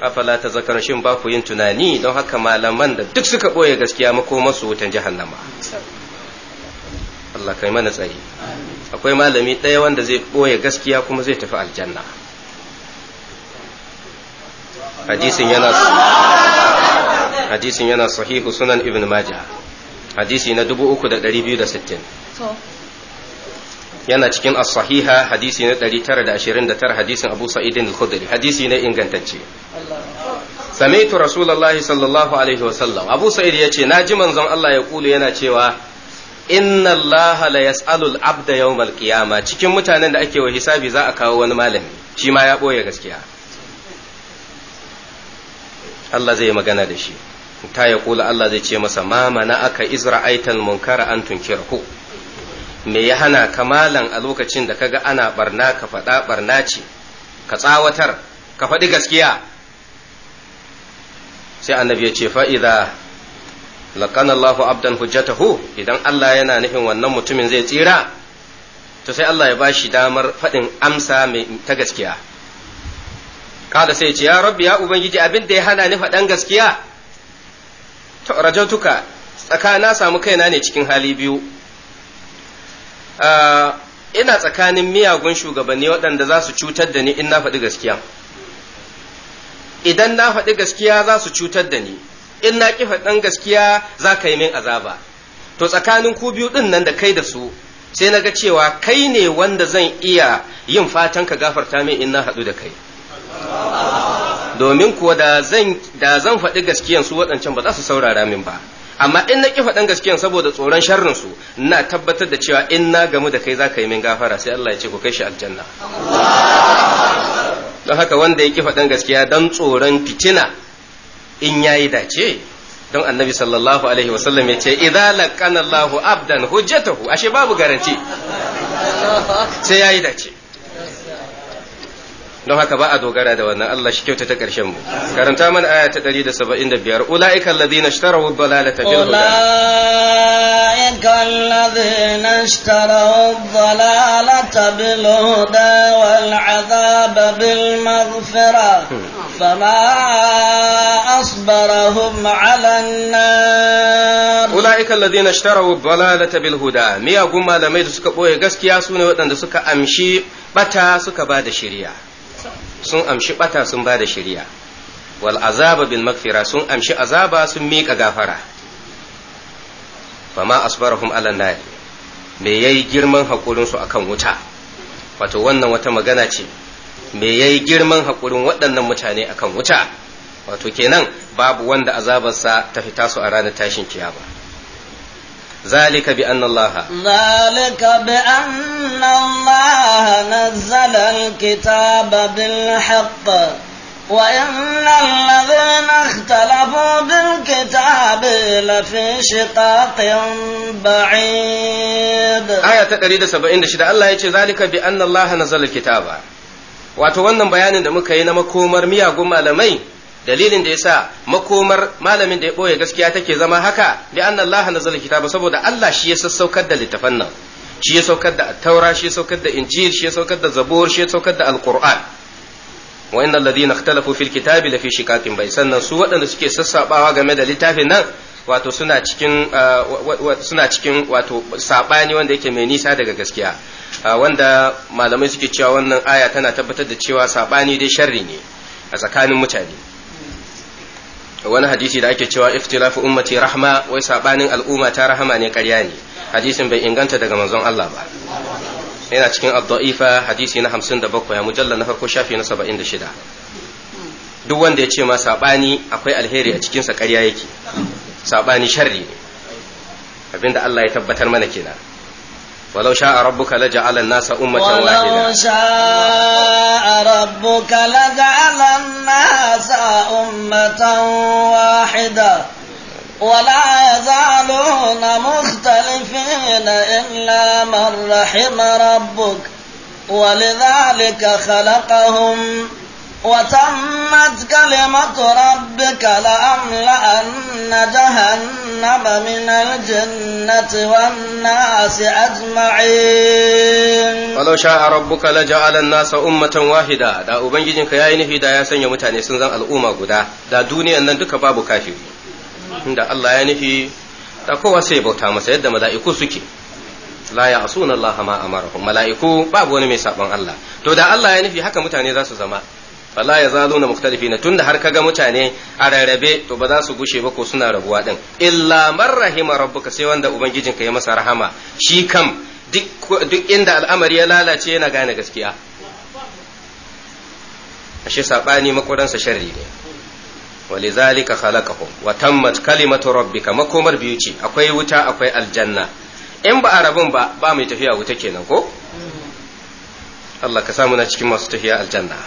afala ta zakar shin ba ku yin tunani don haka malaman da duk suka boye gaskiya su wutan jahannama Allah kai mana tsari akwai malami ɗaya wanda zai ɓoye gaskiya kuma zai tafi aljanna hadisin yana hadisin yana sahihu sunan ibn majah hadisi na 3260 yana cikin as-sahiha hadisi na 929 hadisin abu sa'idin al-khudri hadisi na ingantacce samaitu rasulullahi sallallahu alaihi wasallam abu sa'id yace ji manzon Allah ya kulu yana cewa inna Allah la yas'alul abda yawmal qiyama cikin mutanen da ake wa hisabi za a kawo wani malami shi ma ya boye gaskiya Allah zai magana da shi ta ya kula Allah zai ce masa ma mana aka izra'aital munkara an tunkirhu me ya hana ka kamalan a lokacin da kaga ana barna ka faɗa barna ce ka tsawatar ka faɗi gaskiya sai annabi ya ce fa'iza Lakanallahu Allahu abdan hujjatahu idan Allah yana nufin wannan mutumin zai tsira to sai Allah ya bashi damar faɗin amsa mai ta gaskiya kada sai ce ya rabbi ya ubangiji abin da ya hana ni faɗan gaskiya to rajautuka tsakana samu kaina ne cikin hali biyu ina tsakanin miyagun shugabanni waɗanda za su cutar da ni in na faɗi gaskiya idan na faɗi gaskiya za su cutar da ni in na ƙi faɗan gaskiya za ka yi min azaba to tsakanin ku biyu ɗin nan da kai da su sai na ga cewa kai ne wanda zan iya yin fatan ka gafarta min in na haɗu da kai domin kuwa da zan faɗi gaskiyan su waɗancan ba za su saurara min ba amma in na ƙi faɗan gaskiyan saboda tsoron sharrin su na tabbatar da cewa in na gamu da kai za ka yi min gafara sai Allah ya ce ku kai shi aljanna don haka wanda ya ƙi faɗan gaskiya don tsoron fitina in yayi dace don annabi sallallahu alaihi wasallam ya ce idza laqana abdan hujjatahu ashe babu garanti sai yayi dace don haka ba a dogara da wannan Allah shi kyauta ta ƙarshen mu karanta mana aya ta 175 ulaika alladhina ishtaraw ad-dalalata bil huda ulaika alladhina ishtaraw ad-dalalata bil huda wal 'adaba bil maghfira fama asbarahum 'ala an-nar ulaika alladhina ishtaraw ad-dalalata bil huda miyagun malamai da suka boye gaskiya sune waɗanda suka amshi bata suka ba da shari'a sun amshi bata sun ba da shari'a wal azaba bil magfira sun amshi azaba sun miƙa gafara fama asbarahum ala nar me yayi girman hakurin su akan wuta wato wannan wata magana ce me yayi girman hakurin waɗannan mutane akan wuta wato kenan babu wanda azabarsa ta fita su a ranar tashin kiyama ذلك بأن الله ذلك بأن الله نزل الكتاب بالحق وإن الذين اختلفوا بالكتاب لفي شقاق بعيد آية تقريد سبعين شدة الله يقول ذلك بأن الله نزل الكتاب wato wannan bayanin da muka yi na makomar miyagun malamai dalilin da yasa makomar malamin da ya boye gaskiya take zama haka li anna Allah nazala kitaba saboda Allah shi ya sassaukar da littafan nan shi ya saukar da taura shi ya saukar da injil shi ya saukar da zabur shi ya saukar da alquran wa inna alladhina ikhtalafu fil kitabi lafi shiqaqin bai sannan su waɗanda suke sassabawa game da littafin nan wato suna cikin uh, suna cikin wato sabani wanda yake mai nisa daga gaskiya uh, wanda malamai suke cewa wannan aya tana tabbatar da cewa sabani dai sharri ne a tsakanin mutane wani hadisi da ake cewa iftilafu ummati rahma wai sabanin al'umma ta rahama ne ƙarya ne hadisin bai inganta daga manzon Allah ba yana cikin ad-da'ifa hadisi na 57 mujallal na farko shafi na 76 duk wanda ya ce ma sabani akwai alheri a cikinsa ƙarya yake sabani sharri ne abinda Allah ya tabbatar mana kenan ولو شاء ربك لجعل الناس أمة واحدة ولو شاء ربك لجعل الناس أمة واحدة ولا يزالون مختلفين إلا من رحم ربك ولذلك خلقهم وتمت كلمة ربك لأملأن جهنم من الجنة والناس أجمعين ولو شاء ربك لجعل الناس أمة واحدة دا أبنجيجنك يا في دا يسن يمتاني سنزان الأمة قدا دا دوني أن ندك باب كافر دا الله يا نفي da kowa sai bauta masa yadda mala'iku suke la ya asuna Allah ma amarahum mala'iku babu wani mai sabon الله to da Allah ya nufi haka mutane fala ya zalo na muktalifi na tunda har kaga mutane a rarrabe to ba za su gushe ba ko suna rabuwa din illa mar rahima rabbuka sai wanda ubangijinka ya masa rahama shi kam duk inda al'amari ya lalace yana gane gaskiya ashe sabani makuransa sharri ne walizalika khalaqahum wa tammat kalimatu rabbika makomar biyu ce akwai wuta akwai aljanna in ba a arabun ba ba mai tafiya wuta kenan ko Allah ka samu na cikin masu tafiya aljanna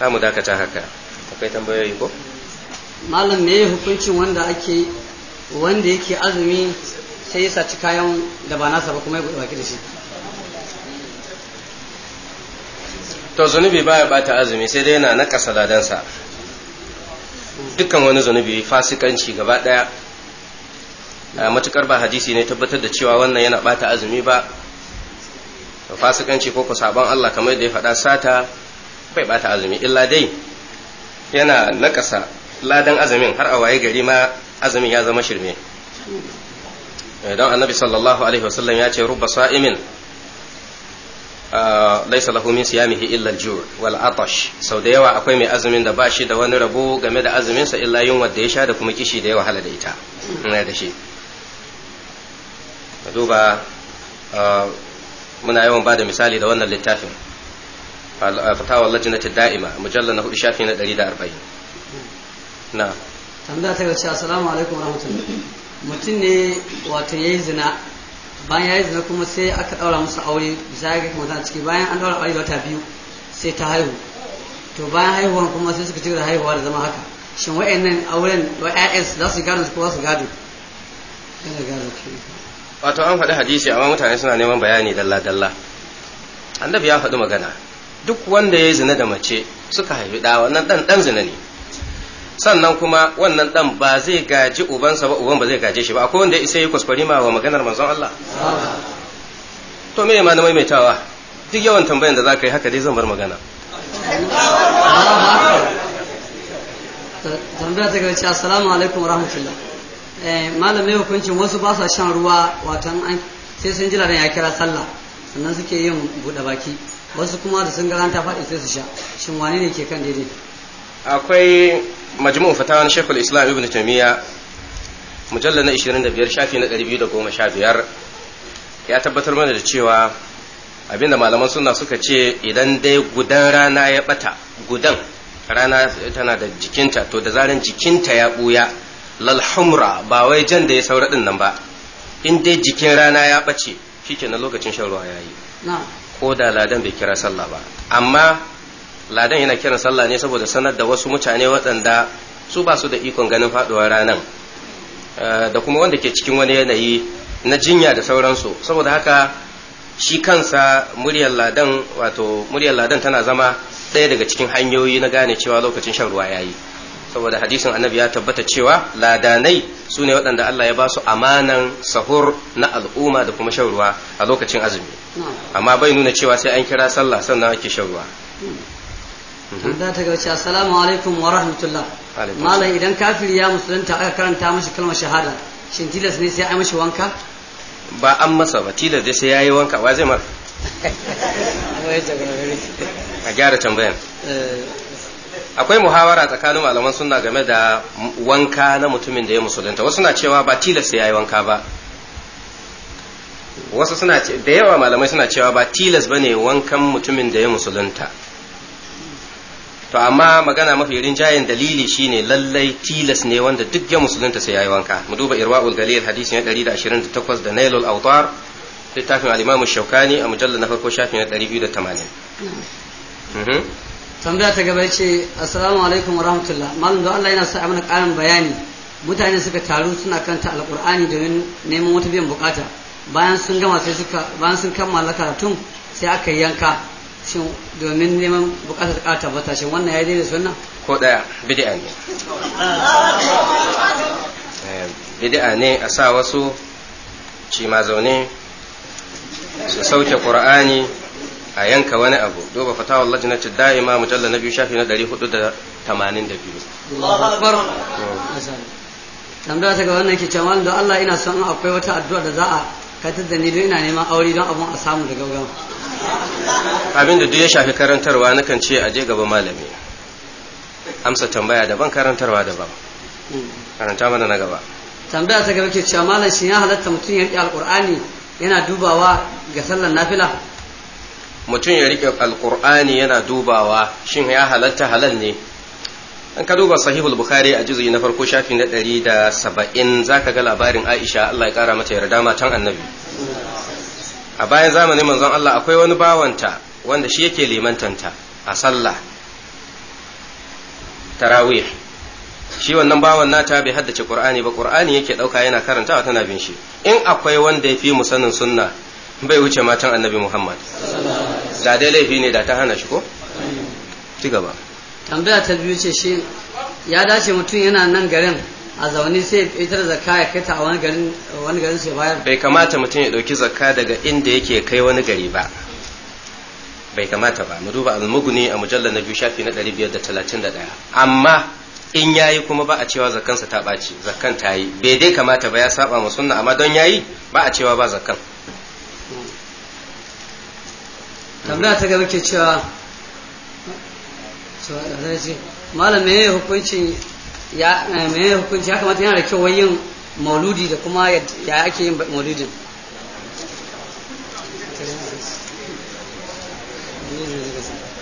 za mu dakata haka akwai tambayoyi ko malam me hukuncin wanda ake wanda yake azumi sai ya saci kayan da ba nasa ba kuma ya baki da shi to zunubi baya bata azumi sai dai yana nakasa ladansa dukkan wani zunubi fasikanci gaba daya matukar ba hadisi ne tabbatar da cewa wannan yana bata azumi ba fasikanci ko ku sabon Allah kamar da ya faɗa sata bai bata azumi illa dai yana nakasa ladan azumin har a waye gari ma azumin ya zama shirme eh, don annabi sallallahu alaihi wasallam ya ce rubba sa'imin ah, laisa lahu min siyamihi illa al-ju' wal atash sau da yawa akwai mai azumin da ba shi da wani rabo game da azumin sa illa yunwa da ya sha da kuma kishi da ya wahala da ita ina da shi duba ah, muna yawan bada misali da wannan littafin Uh, fatawa ta da'ima mujallal na hudu shafi na da arba'in na tambaya ta gaci assalamu alaikum warahmatullahi mutum ne wato yayi zina bayan yayi zina kuma sai aka daura musu aure bisa ga kuma tana ciki bayan an daura aure wata biyu sai ta haihu to bayan haihuwan kuma sai suka ci da haihuwa da zama haka shin wa'annan auren wa wa'ya'yansu za su gado ko za su gado wato an faɗi hadisi amma mutane suna neman bayani dalla-dalla annabi ya faɗi magana duk wanda ya zina da mace suka haifi ɗa wannan ɗan ɗan zina ne sannan kuma wannan ɗan ba zai gaji ubansa ba uban ba zai gaje shi ba akwai wanda ya isa yi kwaskwari ma wa maganar manzon Allah to me ma na maimaitawa duk yawan tambayan da za ka yi haka dai zan bar magana tambaya ta gaci assalamu alaikum rahmatullah eh, malamai hukuncin wasu ba sa shan ruwa watan sai sun jira ya kira sallah sannan suke yin buɗe baki wasu kuma da sun gara ta faɗi sai su sha shin wane ne ke kan daidai akwai majmu'u fatawan shekul islam ibn tamiya mujallar na 25 shafi na 215 ya tabbatar mana da cewa abinda malaman suna suka ce idan dai gudan rana ya bata gudan rana tana da jikinta to da zaran jikinta ya buya lalhumra ba wai jan da ya saura nan ba in dai jikin rana ya bace na lokacin shan ruwa ya yi. ko da ladan bai kira sallah ba amma ladan yana kiran sallah ne saboda sanar da wasu mutane waɗanda su ba su da ikon ganin faɗuwar ranar eh, da kuma wanda ke cikin wani yanayi na jinya da sauransu saboda haka shi kansa muryar ladan wato muryar ladan tana zama ɗaya daga cikin hanyoyi na gane cewa lokacin shan ruwa ya yi saboda hadisin annabi ya tabbata cewa ladanai su ne waɗanda Allah ya ba su amanan sahur na al'umma da kuma shawarwa a lokacin azumi amma bai nuna cewa sai an kira sallah sannan ake shawarwa. ruwa hmm. mhm. tambaya ta gaci assalamu alaikum wa rahmatullah malam idan kafiri ya musulunta aka karanta mashi kalmar shahada shin tilas ne sai ai mashi wanka ba an masa ba tilas dai sai yayi wanka wa zai mar a gyara tambayan eh, akwai muhawara tsakanin malaman sunna game da wanka na mutumin da ya musulunta wasu na cewa ba tilasta ya yi wanka ba wasu suna da yawa malamai suna cewa ba tilas bane wankan mutumin da ya musulunta to amma magana mafi rinjayen dalili shine lallai tilas ne wanda duk ya musulunta sai ya yi wanka mu duba irwaul galil hadisi na 128 da nailul awtar littafin al'imamu shaukani a mujallar na farko shafi na 280 tambaya ta gaba ce assalamu alaikum wa rahmatullah malam don Allah yana sa mana karin bayani mutane suka taru suna kanta alƙur'ani domin neman wata biyan bukata bayan sun gama sai suka bayan sun kammala karatun sai aka yanka shin domin neman bukatar ta tabbata shin wannan ya daidai sunna ko daya bid'a ne eh, bid'a ne a sa wasu cima zaune su sauke qur'ani a yanka wani abu duba fatawar lajinacin da'ima mujalla na biyu shafi na 482 tambaya ta ga wannan ke cewa don Allah ina son akwai wata addu'a da za a katar da ni don ina neman aure don abin a samu da gaugawa abin da duk ya shafi karantarwa na kan ce a je gaba malami amsa tambaya daban karantarwa daban karanta mana na gaba tambaya ta gaba ke cewa malam shi ya halatta mutum ya riƙe alƙur'ani yana dubawa ga sallar nafila mutum ya riƙe Alƙur'ani yana dubawa shin ya halatta halal ne an ka duba sahihul bukhari a juzuyi na farko shafi na ɗari da saba'in za ka ga labarin aisha allah ya ƙara mata yarda matan annabi a bayan zamanin manzon allah akwai wani bawanta wanda shi yake limantanta a sallah tarawih shi wannan bawan nata bai haddace qur'ani ba qur'ani yake ɗauka yana karantawa tana bin shi in akwai wanda ya fi mu sunna bai wuce matan annabi Muhammad da dai laifi ne da ta hana shi ko ci gaba tambaya ta biyu ce shi ya dace mutum yana nan garin a zaune sai fitar zakka ya kai ta a wani garin sai bayar bai kamata mutum ya dauki zakka daga inda yake kai wani gari ba bai kamata ba mu duba al-mughni a mujallal na biyu shafi na 531 amma in yayi kuma ba a cewa zakkansa ta ɓaci zakkan ta yi bai dai kamata ba ya saba ma amma don yayi ba a cewa ba zakkan tambaya ta gaba ke cewa malam mai ya hukuncin ya eh, me ya hukunci ya kamata yana da kyau wayin mauludi da kuma ya ake yin mauludin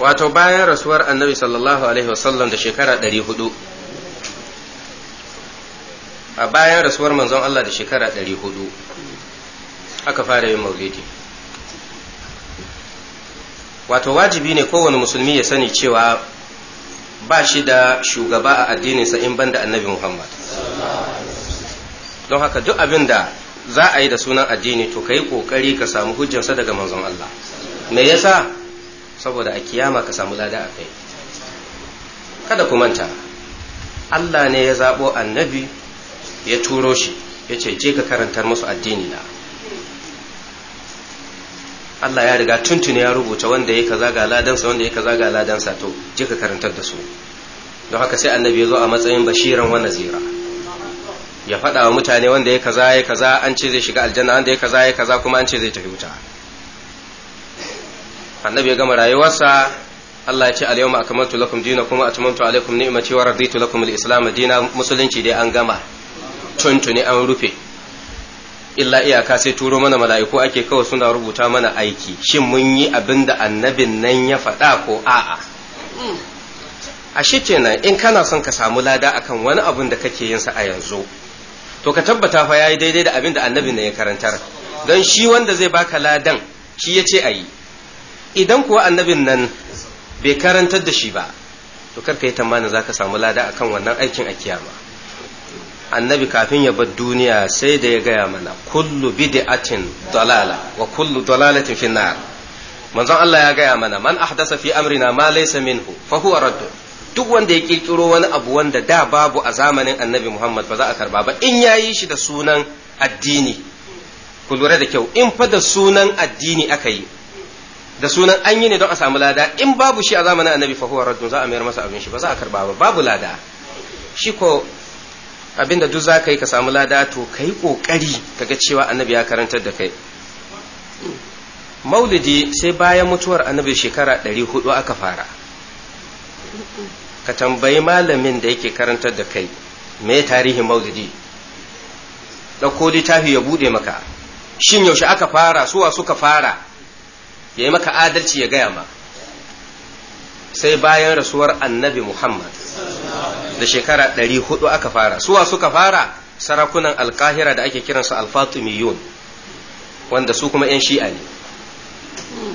wato bayan rasuwar annabi sallallahu alaihi wasallam da shekara 400 a bayan rasuwar manzon Allah da shekara 400 aka fara yin maulidi wato wajibi ne kowane musulmi ya sani cewa ba shi da shugaba a addininsa in ban da annabi muhammad don haka duk abin da za a yi da sunan addini to ka yi ƙoƙari ka samu hujjansa daga manzon allah me yasa saboda a kiyama ka samu lada a kai kada ku manta allah ne ya zaɓo annabi ya turo shi ya ce je ka karantar musu addini na Allah ya riga tuntune ya rubuta wanda ya kaza ga ladansa wanda ya kaza ga ladansa to je ka karantar da su don haka sai annabi ya zo a matsayin bashiran wa nazira ya faɗa wa mutane wanda ya kaza ya kaza an ce zai shiga aljanna wanda ya kaza ya kaza kuma an ce zai tafi wuta annabi ya gama rayuwarsa Allah ya ce al-yawma akmaltu lakum dinakum wa atmamtu alaykum ni'mati wa raditu lakum al-islam dinan musulunci dai an gama tuntuni an rufe illa iyaka sai turo mana mala'iku ake kawai suna rubuta mana aiki shin mun yi abin da annabin nan ya faɗa ko a'a a shi kenan in kana son ka samu lada akan wani abin da kake yin sa a yanzu to ka tabbata fa yayi daidai da abin da annabin nan ya karantar don shi wanda zai baka ladan shi ya ce a yi idan kuwa annabin nan bai karantar da shi ba to karka yi tamani za ka samu lada akan wannan aikin a kiyama annabi kafin ya bar duniya sai da ya gaya mana kullu bid'atin dalala wa kullu dalalatin fi nar manzon Allah ya gaya mana man ahdasa fi amrina ma laysa minhu fa huwa radd duk wanda ya kirkiro wani abu wanda da babu a zamanin annabi Muhammad ba za a karba ba in yayi shi da sunan addini ku lura da kyau in fa da sunan addini aka yi da sunan an yi ne don a samu lada in babu shi a zamanin annabi fa huwa radd za a mayar masa abin shi ba za a karba ba babu lada shi ko abinda duk za ka yi ka samu lada to ka yi ƙoƙari ga cewa annabi ya karantar da kai maulidi sai bayan mutuwar annabi shekara 400 aka fara ka tambayi malamin da yake karantar da kai me tarihin maulidi ɗauko littafi ya buɗe maka shin yaushe aka fara suwa suka fara ya yi maka adalci ya gaya ma sai bayan rasuwar annabi muhammad da shekara ɗari hudu aka fara suwa suka fara sarakunan alkahira da ake kiransu alfatumiyun wanda su kuma 'yan shi'a ne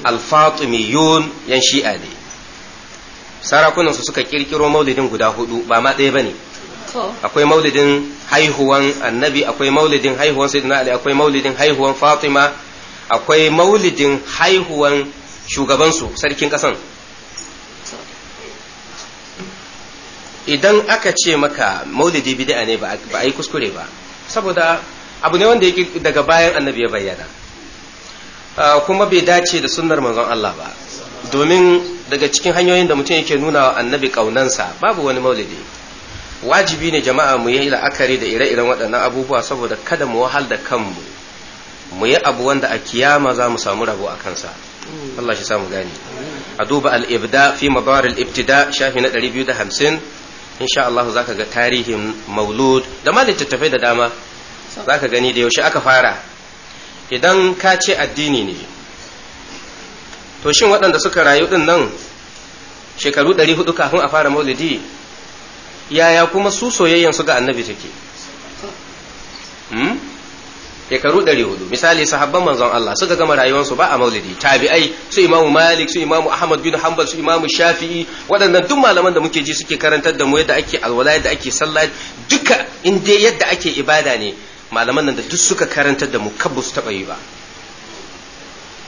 alfatumiyun 'yan shi'a ne sarakunansu suka kirkiro maulidin guda hudu ba ma ɗaya ba ne akwai maulidin haihuwan annabi akwai maulidin haihuwan sayyidina ali akwai maulidin haihuwan fatima akwai maulidin haihuwan shugabansu sarkin kasan idan aka ce maka maulidi bid'a ne ba a yi kuskure ba saboda abu ne wanda yake daga bayan annabi ya bayyana ah, kuma bai dace da sunnar manzon Allah ba domin daga cikin hanyoyin da mutum yake nuna wa annabi kaunansa babu wani maulidi wajibi ne jama'a mu yi la'akari da ire-iren waɗannan abubuwa saboda kada mu wahal da kanmu mu yi abu wanda a kiyama za mu samu rabo a kansa Allah shi samu gani a duba al-ibda fi madar al-ibtida shafi na 250 insha Allah za ka ga tarihin maulud da ma littattafai da dama za ka gani da yaushe aka fara idan ka ce addini ne to shin waɗanda suka rayu ɗin nan shekaru hudu kafin a fara maulidi yaya kuma su soyayyen su ga annabi take hmm? shekaru 400 misali sahabban manzon Allah suka gama rayuwarsu ba a maulidi tabi'ai su imamu malik su imamu ahmad bin hanbal su imamu shafi'i waɗannan duk malaman da muke ji suke karantar da mu yadda ake alwala yadda ake sallah duka in dai yadda ake ibada ne malaman nan da duk suka karantar da mu kabbu su taɓa yi ba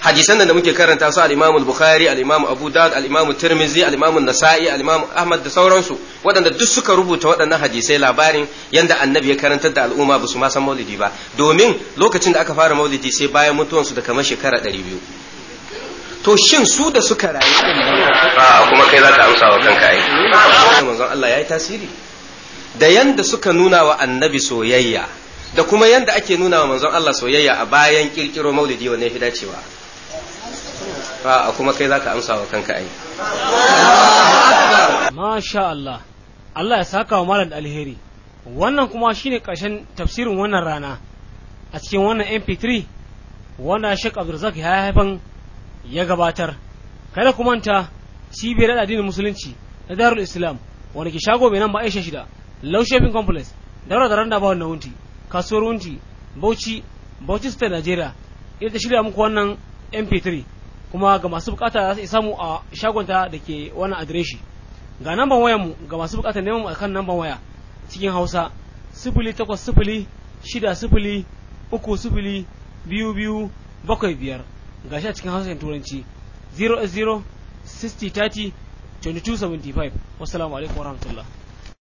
hadisan da muke karanta su al-Imam al-Bukhari al-Imam Abu Dawud al-Imam Tirmidhi al-Imam Nasa'i al-Imam Ahmad da sauransu waɗanda duk suka rubuta waɗannan hadisai labarin yanda annabi ya karantar da al'umma ba su ma san maulidi ba domin lokacin da aka fara maulidi sai bayan mutuwansu da kamar shekara 200 to shin su da suka rayu a kuma kai za ka amsa wa kanka ai manzon Allah yayi tasiri da yanda suka nuna wa annabi soyayya da kuma yanda ake nuna wa manzon Allah soyayya a bayan kirkiro maulidi wannan ya fi dacewa a kuma kai za ka amsa wa kanka ai masha Allah Allah ya saka wa malam alheri wannan kuma shine ƙarshen tafsirin wannan rana a cikin wannan mp3 wanda Sheikh Abdulrazak ya haifan ya gabatar kada ku manta cibiyar addinin musulunci na Darul Islam wanda ke shago mai nan ba Aisha shida Low Shaping Complex daura da randa ba na wunti kasuwar wunti Bauchi Bauchi State Nigeria ita ta shirya muku wannan MP3 kuma ga masu bukata za su isa mu a shagonta da ke wannan adireshi ga namban waya mu ga masu bukata neman mu akan namban waya cikin Hausa sifili biyar ga shi a cikin Hausa da Turanci 0 0 60 30 22 75 wassalamu alaikum warahmatullahi